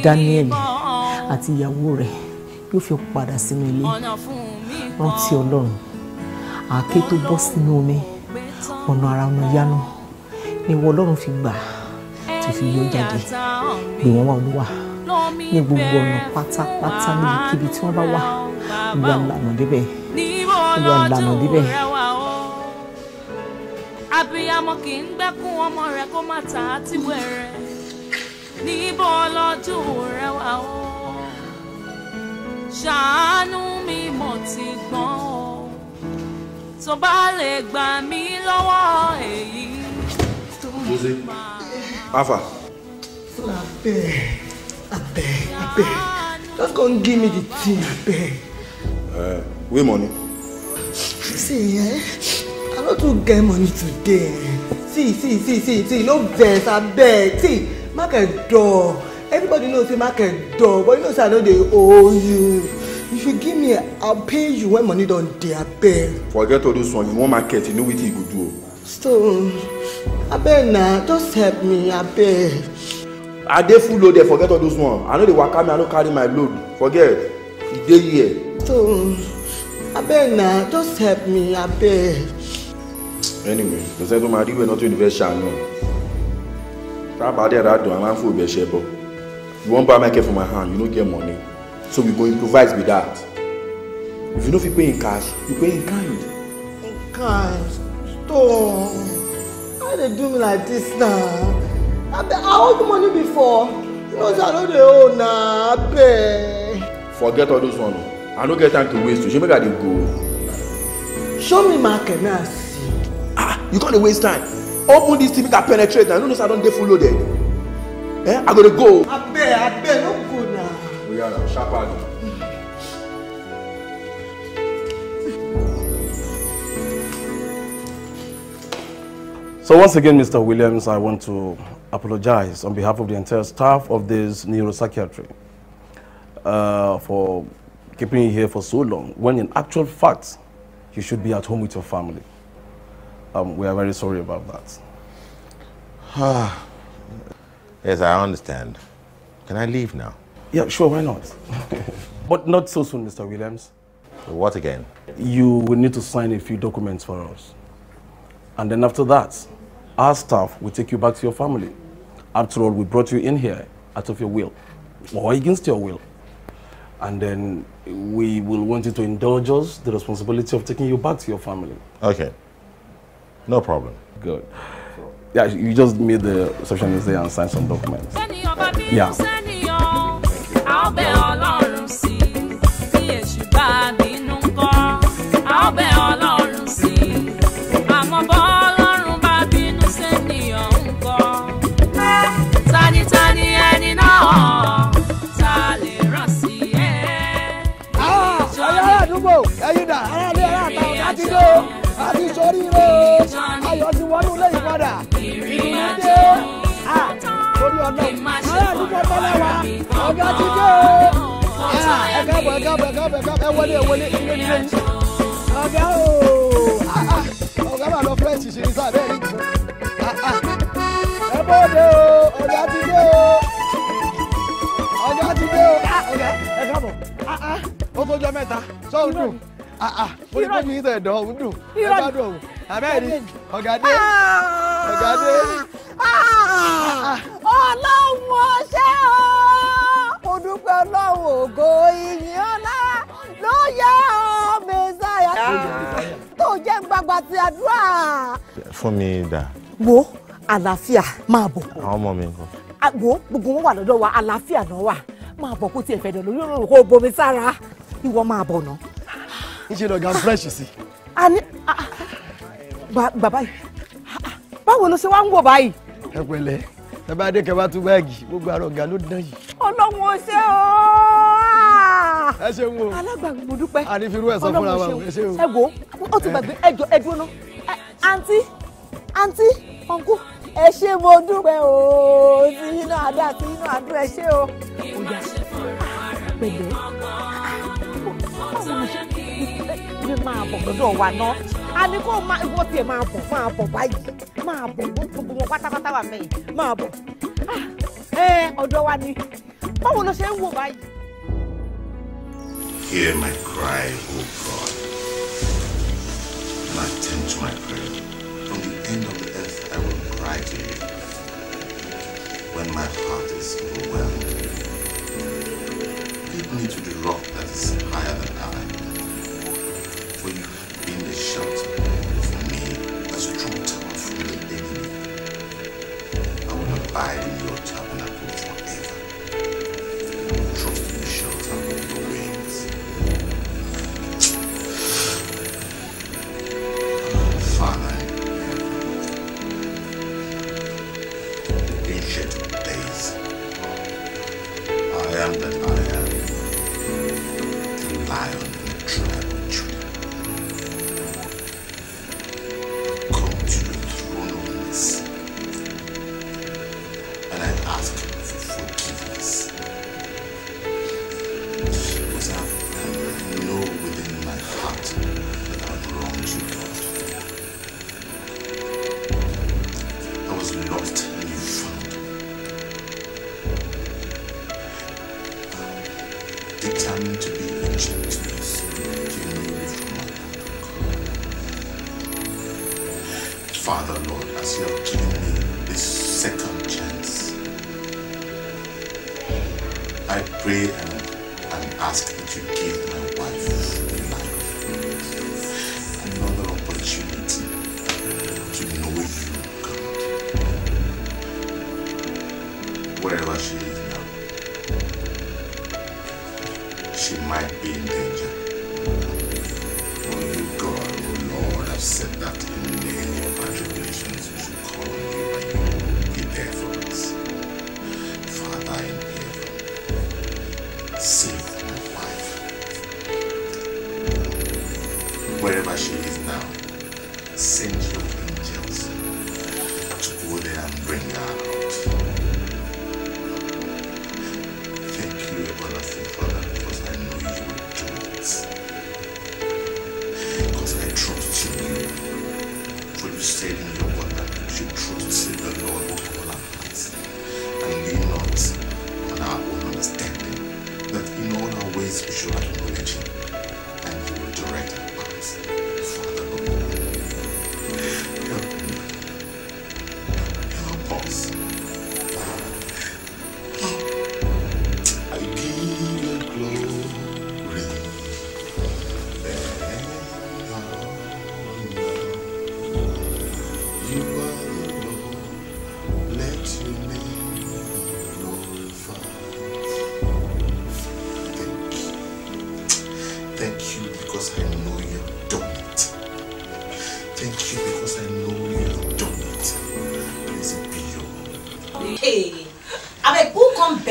Daniel àti ìyàwó rẹ̀ yóò fi padà sínú ilé rántí Ọlọ́run àáké tó bọ́ sínú omi ọ̀nà ara ọ̀nà yánu ni ìwọ Ọlọ́run fi gbà tó fi yọ jáde gbé wọn wá Olúwa ní gbogbo ọ̀nà pátápátá níbikíbi tí wọ́n bá wà Olúwa lànà débẹ̀ Olúwa lànà débẹ̀. abiyamọ kì í gbẹ́kún ọmọ rẹ̀ kó má ta á tìwẹ̀ rẹ̀ níbo lọ́jú rẹ wà ó ṣàánú mi mo ti gbọ́n ó tó bá lè gbà mí lọ́wọ́ èyí tó ní máa. Afa. Abeg, abeg, abeg. Just go and give me the thing, abeg. Uh, where money? See, eh? I no too get money today. See, see, see, see, see. No vex, abeg. See. Market a door. Everybody knows say market a door. But you know say I know they owe you. If you give me, I'll pay you when money don dey abeg. Forget all those ones. You wan market, you know wetin you go do. So, abeg na, just help me, abeg. I dey full load there, forget all those ones. I no dey waka me, I no carry my load. Forget. E dey here. So, abeg na, just help me, abeg. Anyway, the sẹ́ni tó máa rí not náà tó ìdíbẹ̀ ṣàánú. Taba there that don, I'm full beshebo. You won't buy my care for my hand, you don't get money. So we go improvise with that. If you no fit pay in cash, you pay in kind. In kind? Stop. Why they do me like this now? I beg, I the money before. You know, say I no dey owe na, Forget all those ones. Oh. I no get time to waste. Oh. Shey make I dey go. Show me market, may I see. Ah, you come waste time. open this thing make i penetrate Now, you no know say i don dey full loaded eh i go dey go. abeg abeg no go na. oya na sharp eye. So once again, Mr. Williams, I want to apologize on behalf of the entire staff of this neuropsychiatry uh, for keeping you here for so long, when in actual fact, you should be at home with your family um, we are very sorry about that. yes, I understand. Can I leave now? Yeah, sure, why not? but not so soon, Mr. Williams. What again? You will need to sign a few documents for us. And then after that, our staff will take you back to your family. After all, we brought you in here out of your will, or against your will. And then we will want you to indulge us the responsibility of taking you back to your family. Okay. No problem. Good. Yeah, you just meet the receptionist there and sign some documents. Yeah. wọnú lẹ́yìn padà ìrìnàjò lórí ọ̀nà ará àdúgbò tọ́lẹ́wà ọ̀gá ti dé ẹ̀ka bọ̀ ẹ̀ka bọ̀ ẹ̀ka bọ̀ ẹ̀ka bọ̀ ẹ̀wọlé ẹ̀wọlé ilé ilé ọ̀gá o ọ̀gá bá lọ fẹ́ẹ̀tì ṣe ní sábẹ́ rí jù ẹ bóde o ọ̀gá ti dé o ọ̀gá ti dé o ẹ̀ka bọ̀ ó tó jọ mẹ́ta sọ́ọ̀dù ah, ah. ní kófí yín tẹ̀ dán òun dùn ẹ bá dùn òun àbẹ́ẹ̀rí ọ̀gá dé ah! ọ̀gá dé. Ah! ọlọ́run ọṣẹ́ o mo dúpẹ́ ọlọ́run ògo ìyìn ọlá ló yẹ ọ mẹ́sàáyà tó jẹ́ gbàgbà ti àdúrà. fún mi dà. wo àlàáfíà máa bọ̀. àwọn ọmọ mi kọ. wo gbogbo wọn wà lọ́dọ̀ wa àlàáfíà náà wà máa bọ̀ kó tiẹ̀ fẹ́ dọ̀ lórí òrùn kó bomi sára ìwọ máa bọ̀ náà níṣẹ́ lọ́gà fresh sí. a ní bàbá yìí báwo ló ṣe wá ń wò báyìí. ẹ pẹ̀lẹ́ ẹ bá dé kẹ bá tún báàgì gbogbo àrò ọ̀gá ló dán yìí. ọlọ́run ṣe o. ẹ ṣeun o alágbàgbọ́ mo dúpẹ́. a ní fi irú ẹ̀ sọ fúnra wa o ẹ ṣeun. ẹ wo ó ti gbàgbé ẹ jọ ẹ dúró náà àǹtí àǹtí ọ̀nkú ẹ ṣé mo dúpẹ́ o sí inú àdá sí inú àdúrà ẹ ṣé o. ó yá ah, ṣe máa bọ̀ lọ́dọ̀ wa náà a ní kó máa ìwọ tiẹ̀ máa bọ̀ máa bọ̀ báyìí máa bọ̀ gbogbo wọn pátápátá wà fẹ́yìn máa bọ̀ ah, ẹ ọ̀dọ̀ wa ni báwo ló ṣe ń wò báyìí. Hear my cry, O oh God, and attend to my prayer. From the end of the earth I will cry to you when my heart is overwhelmed. Lead me to the rock that is higher than I. shout me as a strong from the enemy. I will abide in your time.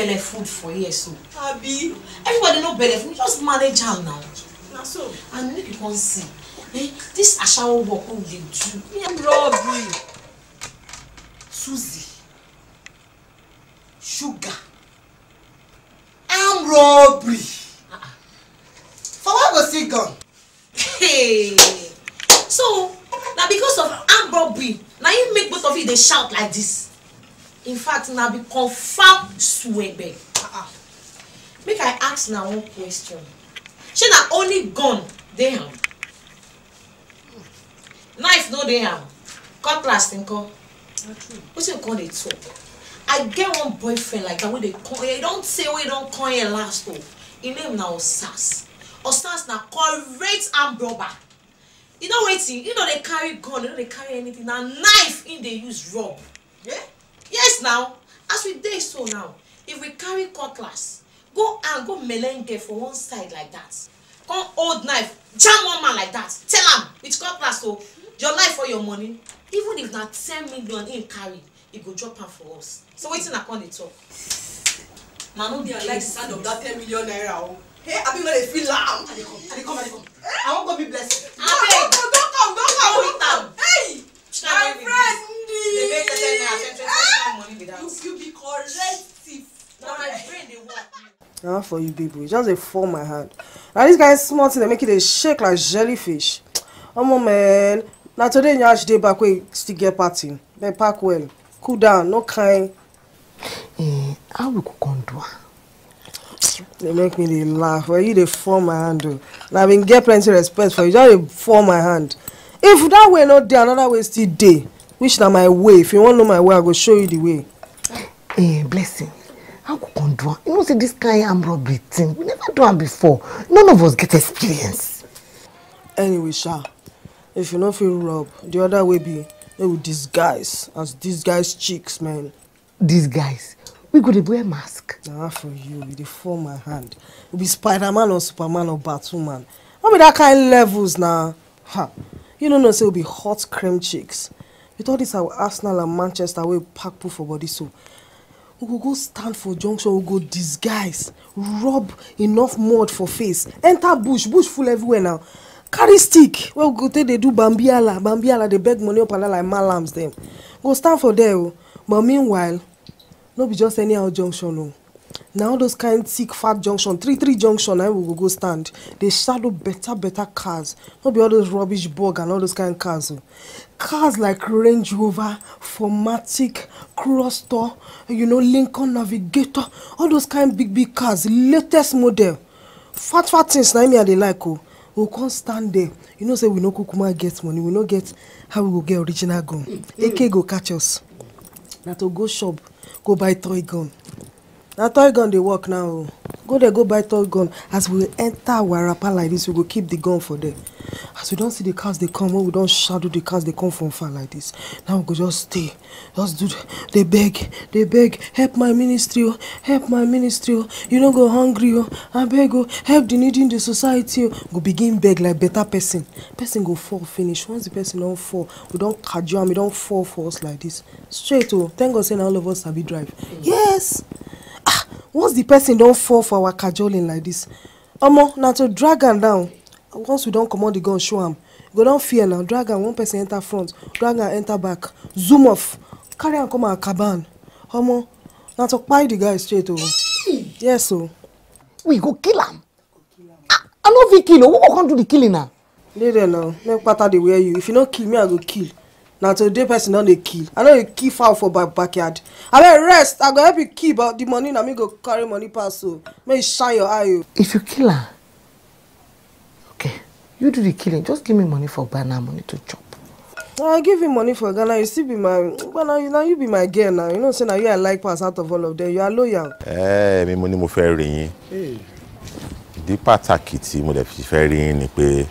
belle food for here so abi everybody know. belle food just manage her now na so and make you come see Hey, eh, this ashawo work wey we dey do e am robbery suzy sugar I'm robbery for what was he gone? Hey. so now because of I'm robbery now you make both of you they shout like this in fact na be confam suebe ah, ah. make i ask na one question shey na only gun dey am knife no dey am cutlass nko wetin you come dey talk i get one boyfriend like that wey dey come he don say wey don come here last o him name na osas osas na correct armed robber you know wetin he no dey carry gun he no dey carry anything na knife he dey use rub. Yeah? yes now as we dey so now if we carry cutlass go and go melenge for one side like that come hold knife jam one man like that tell am with cutlass o oh, your life or your money even if na ten million im carry e go drop am for us so wetin i come dey talk. na no be i like the sound of that ten million naira o oh. hey abi no dey feel am i dey come i dey come i dey come i wan go be blessed. abeg don come don come don come hey. My friend, they be that. You be correct Na for you babe just dey fall my hand. Na dis kain small thing dey make you dey shake like jellyfish. Omo man, na today nyash dey back wey still get party. Dey pack well, cool down, no kind. Eh, how we go come do am? dey make me dey laugh well you dey fall my hand o na i bin get plenty respect for you just dey fall my hand if that way no dey another way still dey which na my way if you wan know my way i go show you the way. Eh, blessing how go come do am you know say this kind arm robbery thing we never do am before none of us get experience. anyway sha if you no fit rob the other way be make we disguise as guys' chicks man. disguise we go dey wear mask. na for you you dey fall my hand you be spiderman or superman or batwoman no be that kind levels na Huh you no know say we be hot cream cheeks. with all this our arsenal and manchester will pack put for body so we go go stand for junction we go disguise rub enough mud for face enter bush bush full everywhere now carry stick Well, we go tell they do bambiala bambiala They beg money up and like malams them. go stand for there oh. but meanwhile no be just any old junction o oh. Now those kind thick fat junction three three junction na we go go stand They shadow better better cars no be all those rubbish bug and all those kind cars o oh. cars like range rover formatic crostor you know lincoln navigator all those kind big big cars latest model fat fat things Now me i they like oh, we go come stand there you know say we no kukuma get money we no get how we go get original gun mm, mm. ak go catch us Now to go shop go buy toy gun na toy gun dey work now go there go buy toy gun as we enter warapa like this we go keep the gun for there as we don't see the cars they come when we don't shadow the cars they come from far like this now we go just stay just do They beg they beg help my ministry oh! help my ministry oh! you don't go hungry oh! I beg o oh. help the needy in the society oh! go begin beg like better person person go fall finish once the person don't fall we don't cajole him. We don't fall for us like this straight oh! thank god saying all of us have be drive yes ah once the person don fall for our cajoling like this omo na to drag am down once we don comot the gun show am go don fear now drag am one person enter front drag am enter back zoom off carry am come our caban omo na to kpai the guy straight o oh. yes o. Oh. we go kill am ah, i, no fit kill o oh. who go come do the killing na. later now make pata dey wear you if you no kill me i go kill na today person don dey kill i no dey kill fowl for my backyard abeg rest i go help you kill but the money na me go carry money pass o make you shine your eye o. Oh. if you kill am okay you do the killing just give me money for ghana money to chop. i give you money for ghana you still be my well now, you na you be my girl now you know say na you i like pass out of all of them you are loyal. ẹ eh, ẹ mi mo ní mo fẹ́ rí yín ìdí pàtàkì tí mo lè fi fẹ́ rí yín ni pé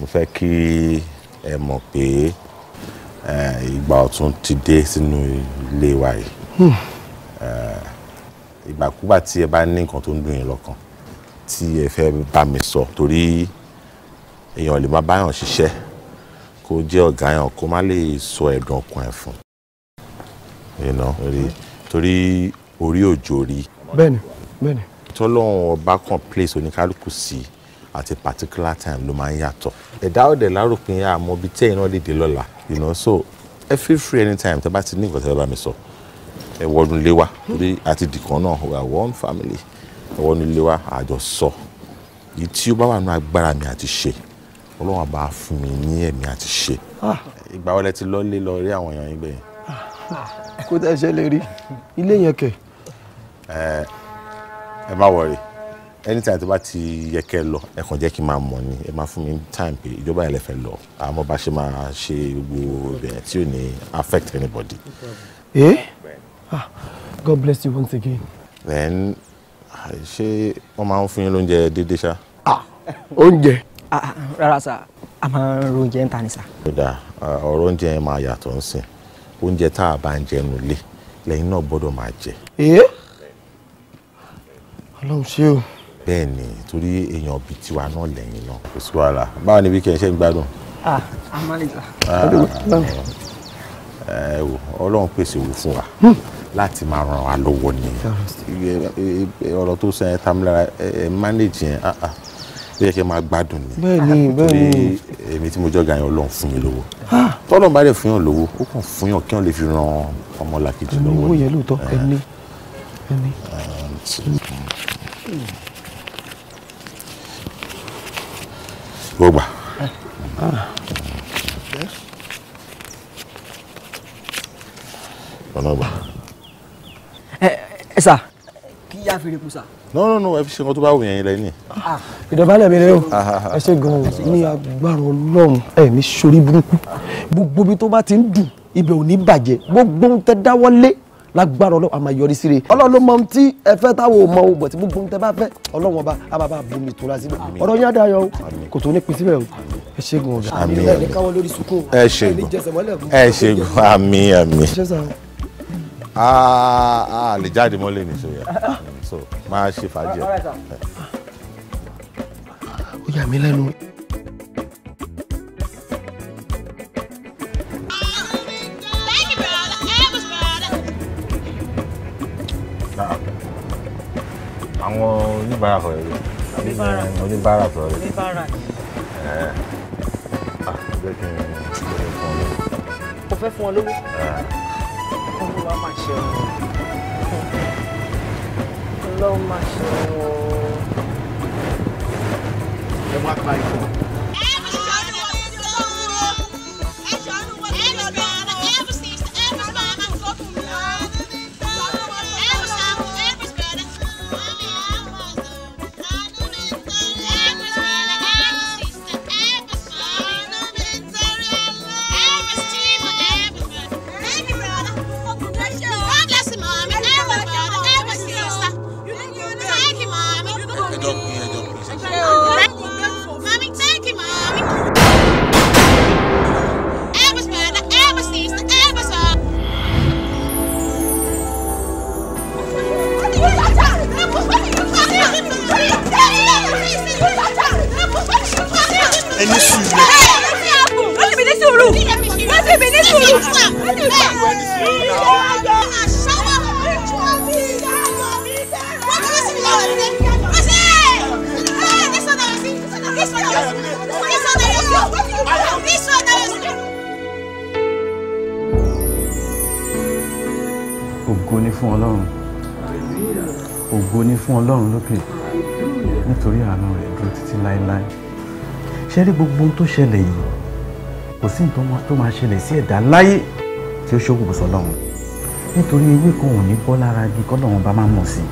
mo fẹ́ kí ẹ mọ̀ pé. Eh, ìgbà ọ̀tún ti dé sínú ilé wa yìí hmm. eh, ìgbàkúgbà tí ẹ bá ní nǹkan tó ń dùn yín lọ́kàn tí ẹ fẹ́ bá mi sọ torí èèyàn lè má báyàn ṣiṣẹ́ kó jẹ́ ọ̀gá yàn kó má lè sọ ẹ̀dùn ọkàn ẹ̀ fún torí orí òjò rí bẹ́ẹ̀ni bẹ́ẹ̀ni tọ́lọ́run ọba kan place oníkálukú sí i àti particular time ló máa ń yàtọ̀ ẹ̀dá ọ̀dẹ̀ láròpin àmọ́ bíi tẹ́ iná lè dé lọ́la you know so ẹ feel free anytime tẹ́ bá ti ní nǹkan tẹ́ bá mi sọ ẹ wọnú ilé wa torí àti dìkan náà we are one family ẹ wọnú ilé wa àjọ sọ èyí tí ó bá wà nínú agbára mi àti ṣe ọlọ́run àbá fún mi ní ẹ̀mí àti ṣe ah. ìgbà wọlé ti lọ lé lọ rí àwọn èèyàn yín gbẹ̀yìn. kó tẹ́ ṣe lè rí ilé yẹn kẹ̀. ẹ má wọrí anytime tó bá ti yẹ kẹ́ lọ ẹ kàn jẹ́ kí n máa mọ̀ ni ẹ máa fún mi time pé ìjọba yẹn lè fẹ́ lọ àmọ́ bá ṣe máa ṣe gbogbo ibẹ̀yẹn tí ò ní affect anybody. ẹ eh? ah God bless you once again. then ṣé wọ́n máa ń fún yín lóúnjẹ déédéé ṣá. ah oúnjẹ. Ah, ah, rárá sá a máa ń ro oúnjẹ ń ta ni sá. kódà ọ̀rọ̀ oúnjẹ yẹn máa yàtọ̀ ń sìn oúnjẹ tá a bá ń jẹ nulẹ̀ lẹ́yìn náà gbọ́dọ̀ máa jẹ. Eh? ọlọ́run ṣé o bẹ́ẹ̀ ni torí èèyàn bíi tiwa náà lẹ́yìn náà kò sí wàhálà báwo ni wíkẹ́ ṣe ń gbádùn. ah amálẹ̀gbà. ẹ wò ọlọ́run pèsè owó fún wa hmm. láti máa ràn wá lọ́wọ́ ni ọ̀rọ̀ tó sẹ́yìn tamilára ẹ manage yẹn ah, ah, ó yẹ kí ẹ máa gbádùn ni bẹ́ẹ̀ni bẹ́ẹ̀ni torí èmi tí mo jọ gàyàn Ọlọ́run fún mi lówó tọlọ́run bá dẹ fún yàn lówó ó kàn fún yàn kí yàn lè fi ran ọmọ lọ́wọ́ ni ẹni owó yẹn lóòótọ́ eh. ẹni ẹni. Eh, ó gbà. ọ̀nà gbà. ẹ ẹ sà kí yá fèrè kù sà. no no no ẹ fi ṣe nǹkan tó bá wù yẹn lẹ́yìn. Ah. ìdọ̀bálẹ̀ mi rẹ o ah, ah, ẹ ṣe gan-an ní agbára ọlọ́run ẹ̀mí sórí burúkú gbogbo ibi tó bá ti ń dùn ibẹ̀ ò ní bàjẹ́ gbogbo ohun tẹ dáwọ́lé lágbára ọlọ́run a máa yọrí sí rẹ̀ ọlọ́run ló mọ ohun tí ẹ fẹ́ táwọn ò mọ o bọ̀tí gbogbo ohun tẹ bá fẹ́ ọlọ́run ọba a máa bá bomi ìtura síbẹ̀ ọ̀rọ̀ yín adayọ o kò tó ní pin síbẹ̀ o ẹ ṣègùn ọ̀gá àmín ẹ ṣègùn ẹ ṣègùn àmín àmín a lè jáde mọ́lẹ̀ ní sọ yà máa ṣe fàájì ẹ̀ ó yà mí lẹ́nu. àwọn oníbàárà kan rẹ̀ oníbàárà oníbàárà kan rẹ̀ oníbàárà ẹ̀ ah jẹ́ kí n lè fún ọ lówó. o fẹ́ fún ọ lówó. Ah. olúwa máa ṣe wọn olúwa máa ṣe wọn. ẹ wá pa ìfọ̀. ṣe rí gbogbo ohun tó ṣẹlẹ̀ yìí kò sí nǹkan tó máa ṣẹlẹ̀ sí ẹ̀dá láyé tí ó ṣókùnkùn sọ́lọ́run nítorí ewé kan ò ní bọ́ lára igi kọ́lọ́run bá máa mọ̀ sí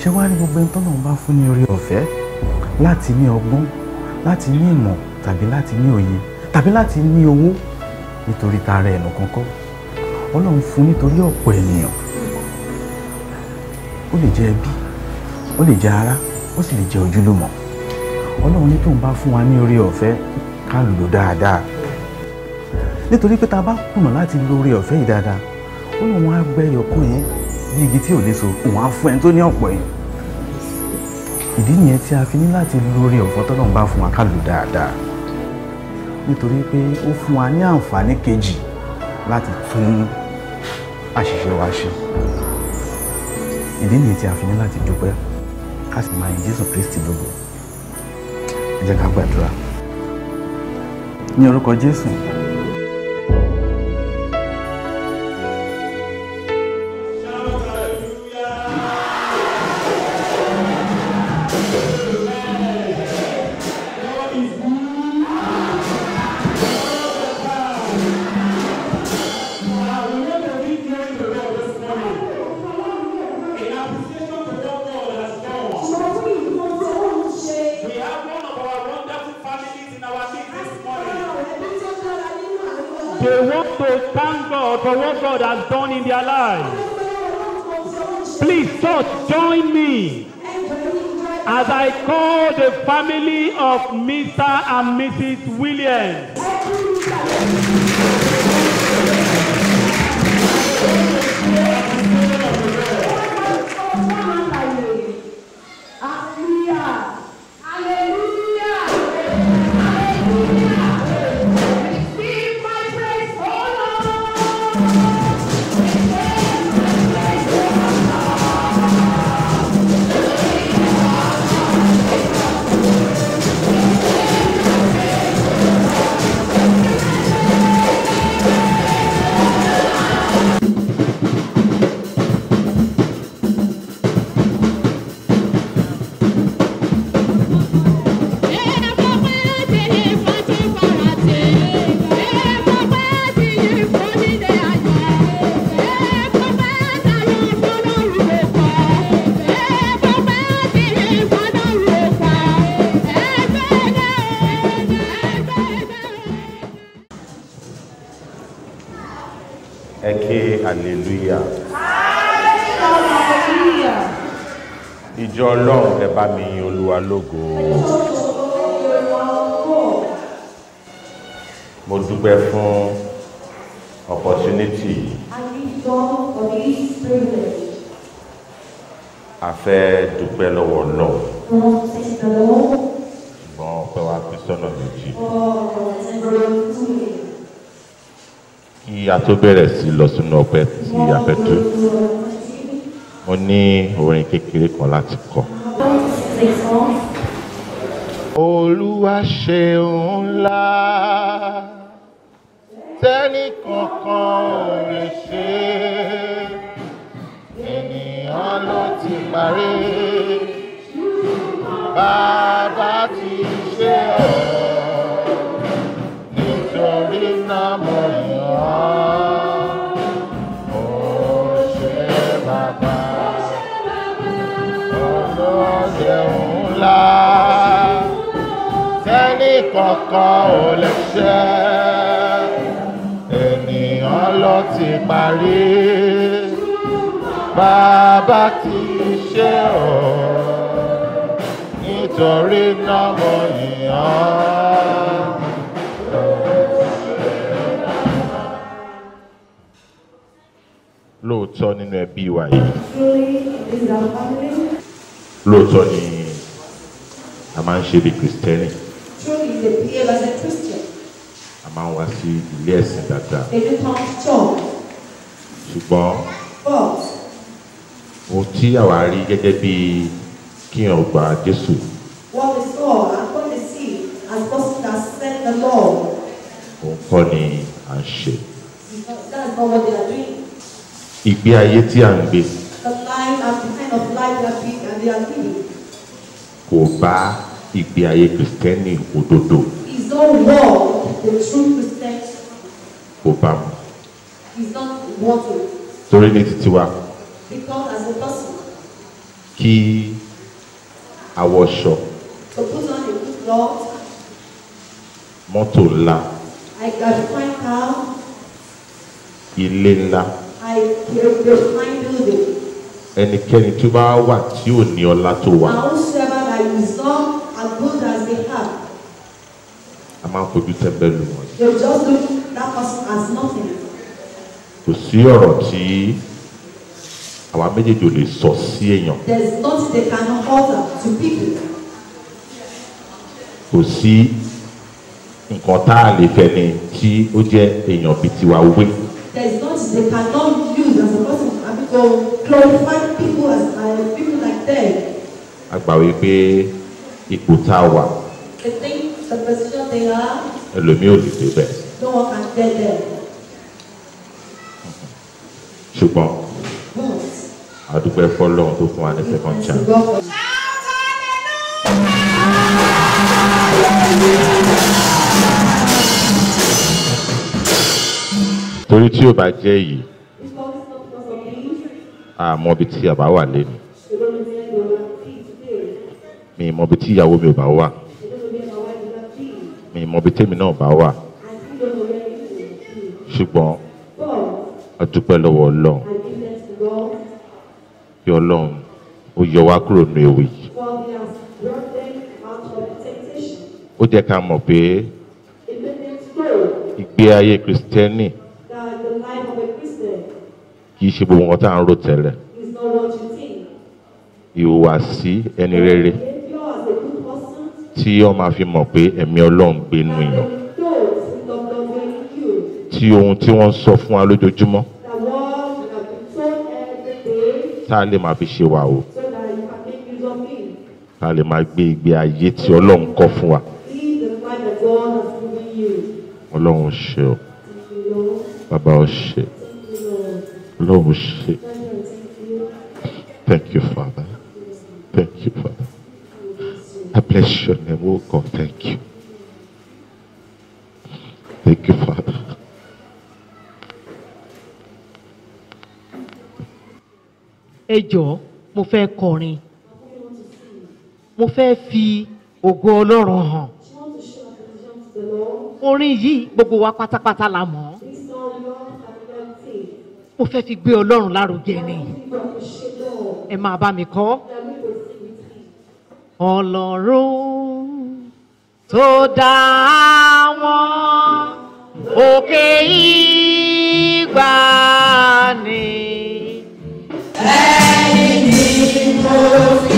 ṣé wàá rí gbogbo ẹni tọ́lọ́run bá fún ní orí ọ̀fẹ́ láti ní ọgbọ́n láti ní ìmọ̀ tàbí láti ní òye tàbí láti ní owó nítorí tara ẹ̀nù kankan ọlọ́run fún nítorí ọ̀pọ̀ ènìyàn ó lè jẹ́ ẹbí ó lè jẹ́ ará ó sì lè jẹ́ ojúlùmọ̀ ọlọ́run ní tóun bá fún wa ní orí ọ̀fẹ́ ká lò dáadáa nítorí pé tá a bá kùnà láti lo orí ọ̀fẹ́ yìí dáadáa ó ní wọn á gbẹ ẹyọkún yẹn bí igi tí ò léso òun á fún ẹni tó ní ọ̀pọ̀ yẹn ìdí nìyẹn tí a fi ní láti lo orí ọ̀fẹ́ tọ́lọ́run bá fún wa ká lò dáadáa nítorí pé ó fún wa ní àǹfààní kejì láti tún àṣìṣe wa ṣe ìdí nìyí tí a fi ní láti dúpẹ́ ká sì máa yin Jésù Kristi lógo ẹ jẹ́ ká gbàdúrà ní orúkọ Jésù. of Mr. and Mrs. Williams. Super ẹnìkankan ò lè ṣe ènìyàn ló ti parí bàbá ti ṣe o nítorí náà mo yìn lóòótọ́ nínú ẹbí wa yìí lóòótọ́ ni a máa ń ṣe bí kristẹni they behave as a Christian. a máa ń wá sí ilé ẹ̀sìn dáadáa. they do come to church. ṣùgbọ́n. but. ohun tí àwa rí gẹ́gẹ́ bí kíyàn gba Jésù. what we saw and what we see as God has sent the Lord. òun kọ́ ni à ń ṣe. because that is not what they are doing. ìgbé ayé tí à ń gbé. the life and the kind of life they are living. kò bá ìgbé ayé kristẹni òdodo. Is own world the true christian. kò bá mu. is not working. torí ní títí wa. because as a person. kí awọ ṣọ. to put on a good cloth. mọ́tò ńlá. I got a fine car. ilé ńlá. I get a fine building. ẹnikẹ́ni tó bá wà tí ò ní ọlá tó wà. I won't share a result máa ń fojú tẹ́ńbẹ́lú wọn. they will just look that person as nothing. kò sí ọ̀rọ̀ tí àwa méjèèjì ò lè sọ sí èèyàn. there is nothing they cannot utter to people. kò sí nǹkan tá a lè fẹ́ ni tí ó jẹ́ èèyàn bíi tiwa wé. there is nothing they cannot use as a person to glorify people as uh, people like them. a gbà wípé ipò tá a wà. the thing The position they are. Ẹlòmí ò lè débẹ̀. No one can get there. Ṣùgbọ́n. But. Àdúpẹ́ fọ́lọ́run tó fún wa ní second chance. Torí tí ò bá jẹ́ yìí, àmọ́ ibi tí àbá wà lé Mi ìmọ̀ ibi tí ìyàwó mi ò bá wà mi mọ bí tèmi náà bá wà ṣùgbọ́n a dúpẹ́ lọ́wọ́ ọlọ́run kí ọlọ́run ó yọ wá kúrò nínú ewu yìí ó jẹ́ ká mọ̀ pé ìgbé ayé kristẹni kì í ṣe gbogbo nǹkan tá à ń rò tẹ́lẹ̀ ìhùwàsí ẹni rere tí ó máa fi mọ̀ pé ẹ̀mí ọlọ́run gbé nù yàn tí ohun tí wọ́n ń sọ fún wa lójoojúmọ́ tá a lè máa fi ṣe wà o tá a lè máa gbé ìgbé ayé tí ọlọ́run kọ́ fún wa ọlọ́run ṣe o bàbá o ṣe ọlọ́run ṣe thank you father thank you father. I bless your name, oh God. Thank you. Thank you, Father. Ẹ jọ̀ọ́, mo fẹ́ kọrin. Mo fẹ́ fi ògo Ọlọ́run hàn. Orin yìí gbogbo wa pátápátá la mọ̀. Mo fẹ́ fi gbé Ọlọ́run lárugẹ ni. Ẹ máa bá mi kọ ọlọ́run tó dá wọn òkè ìgbà ni. ẹni ni mo fi.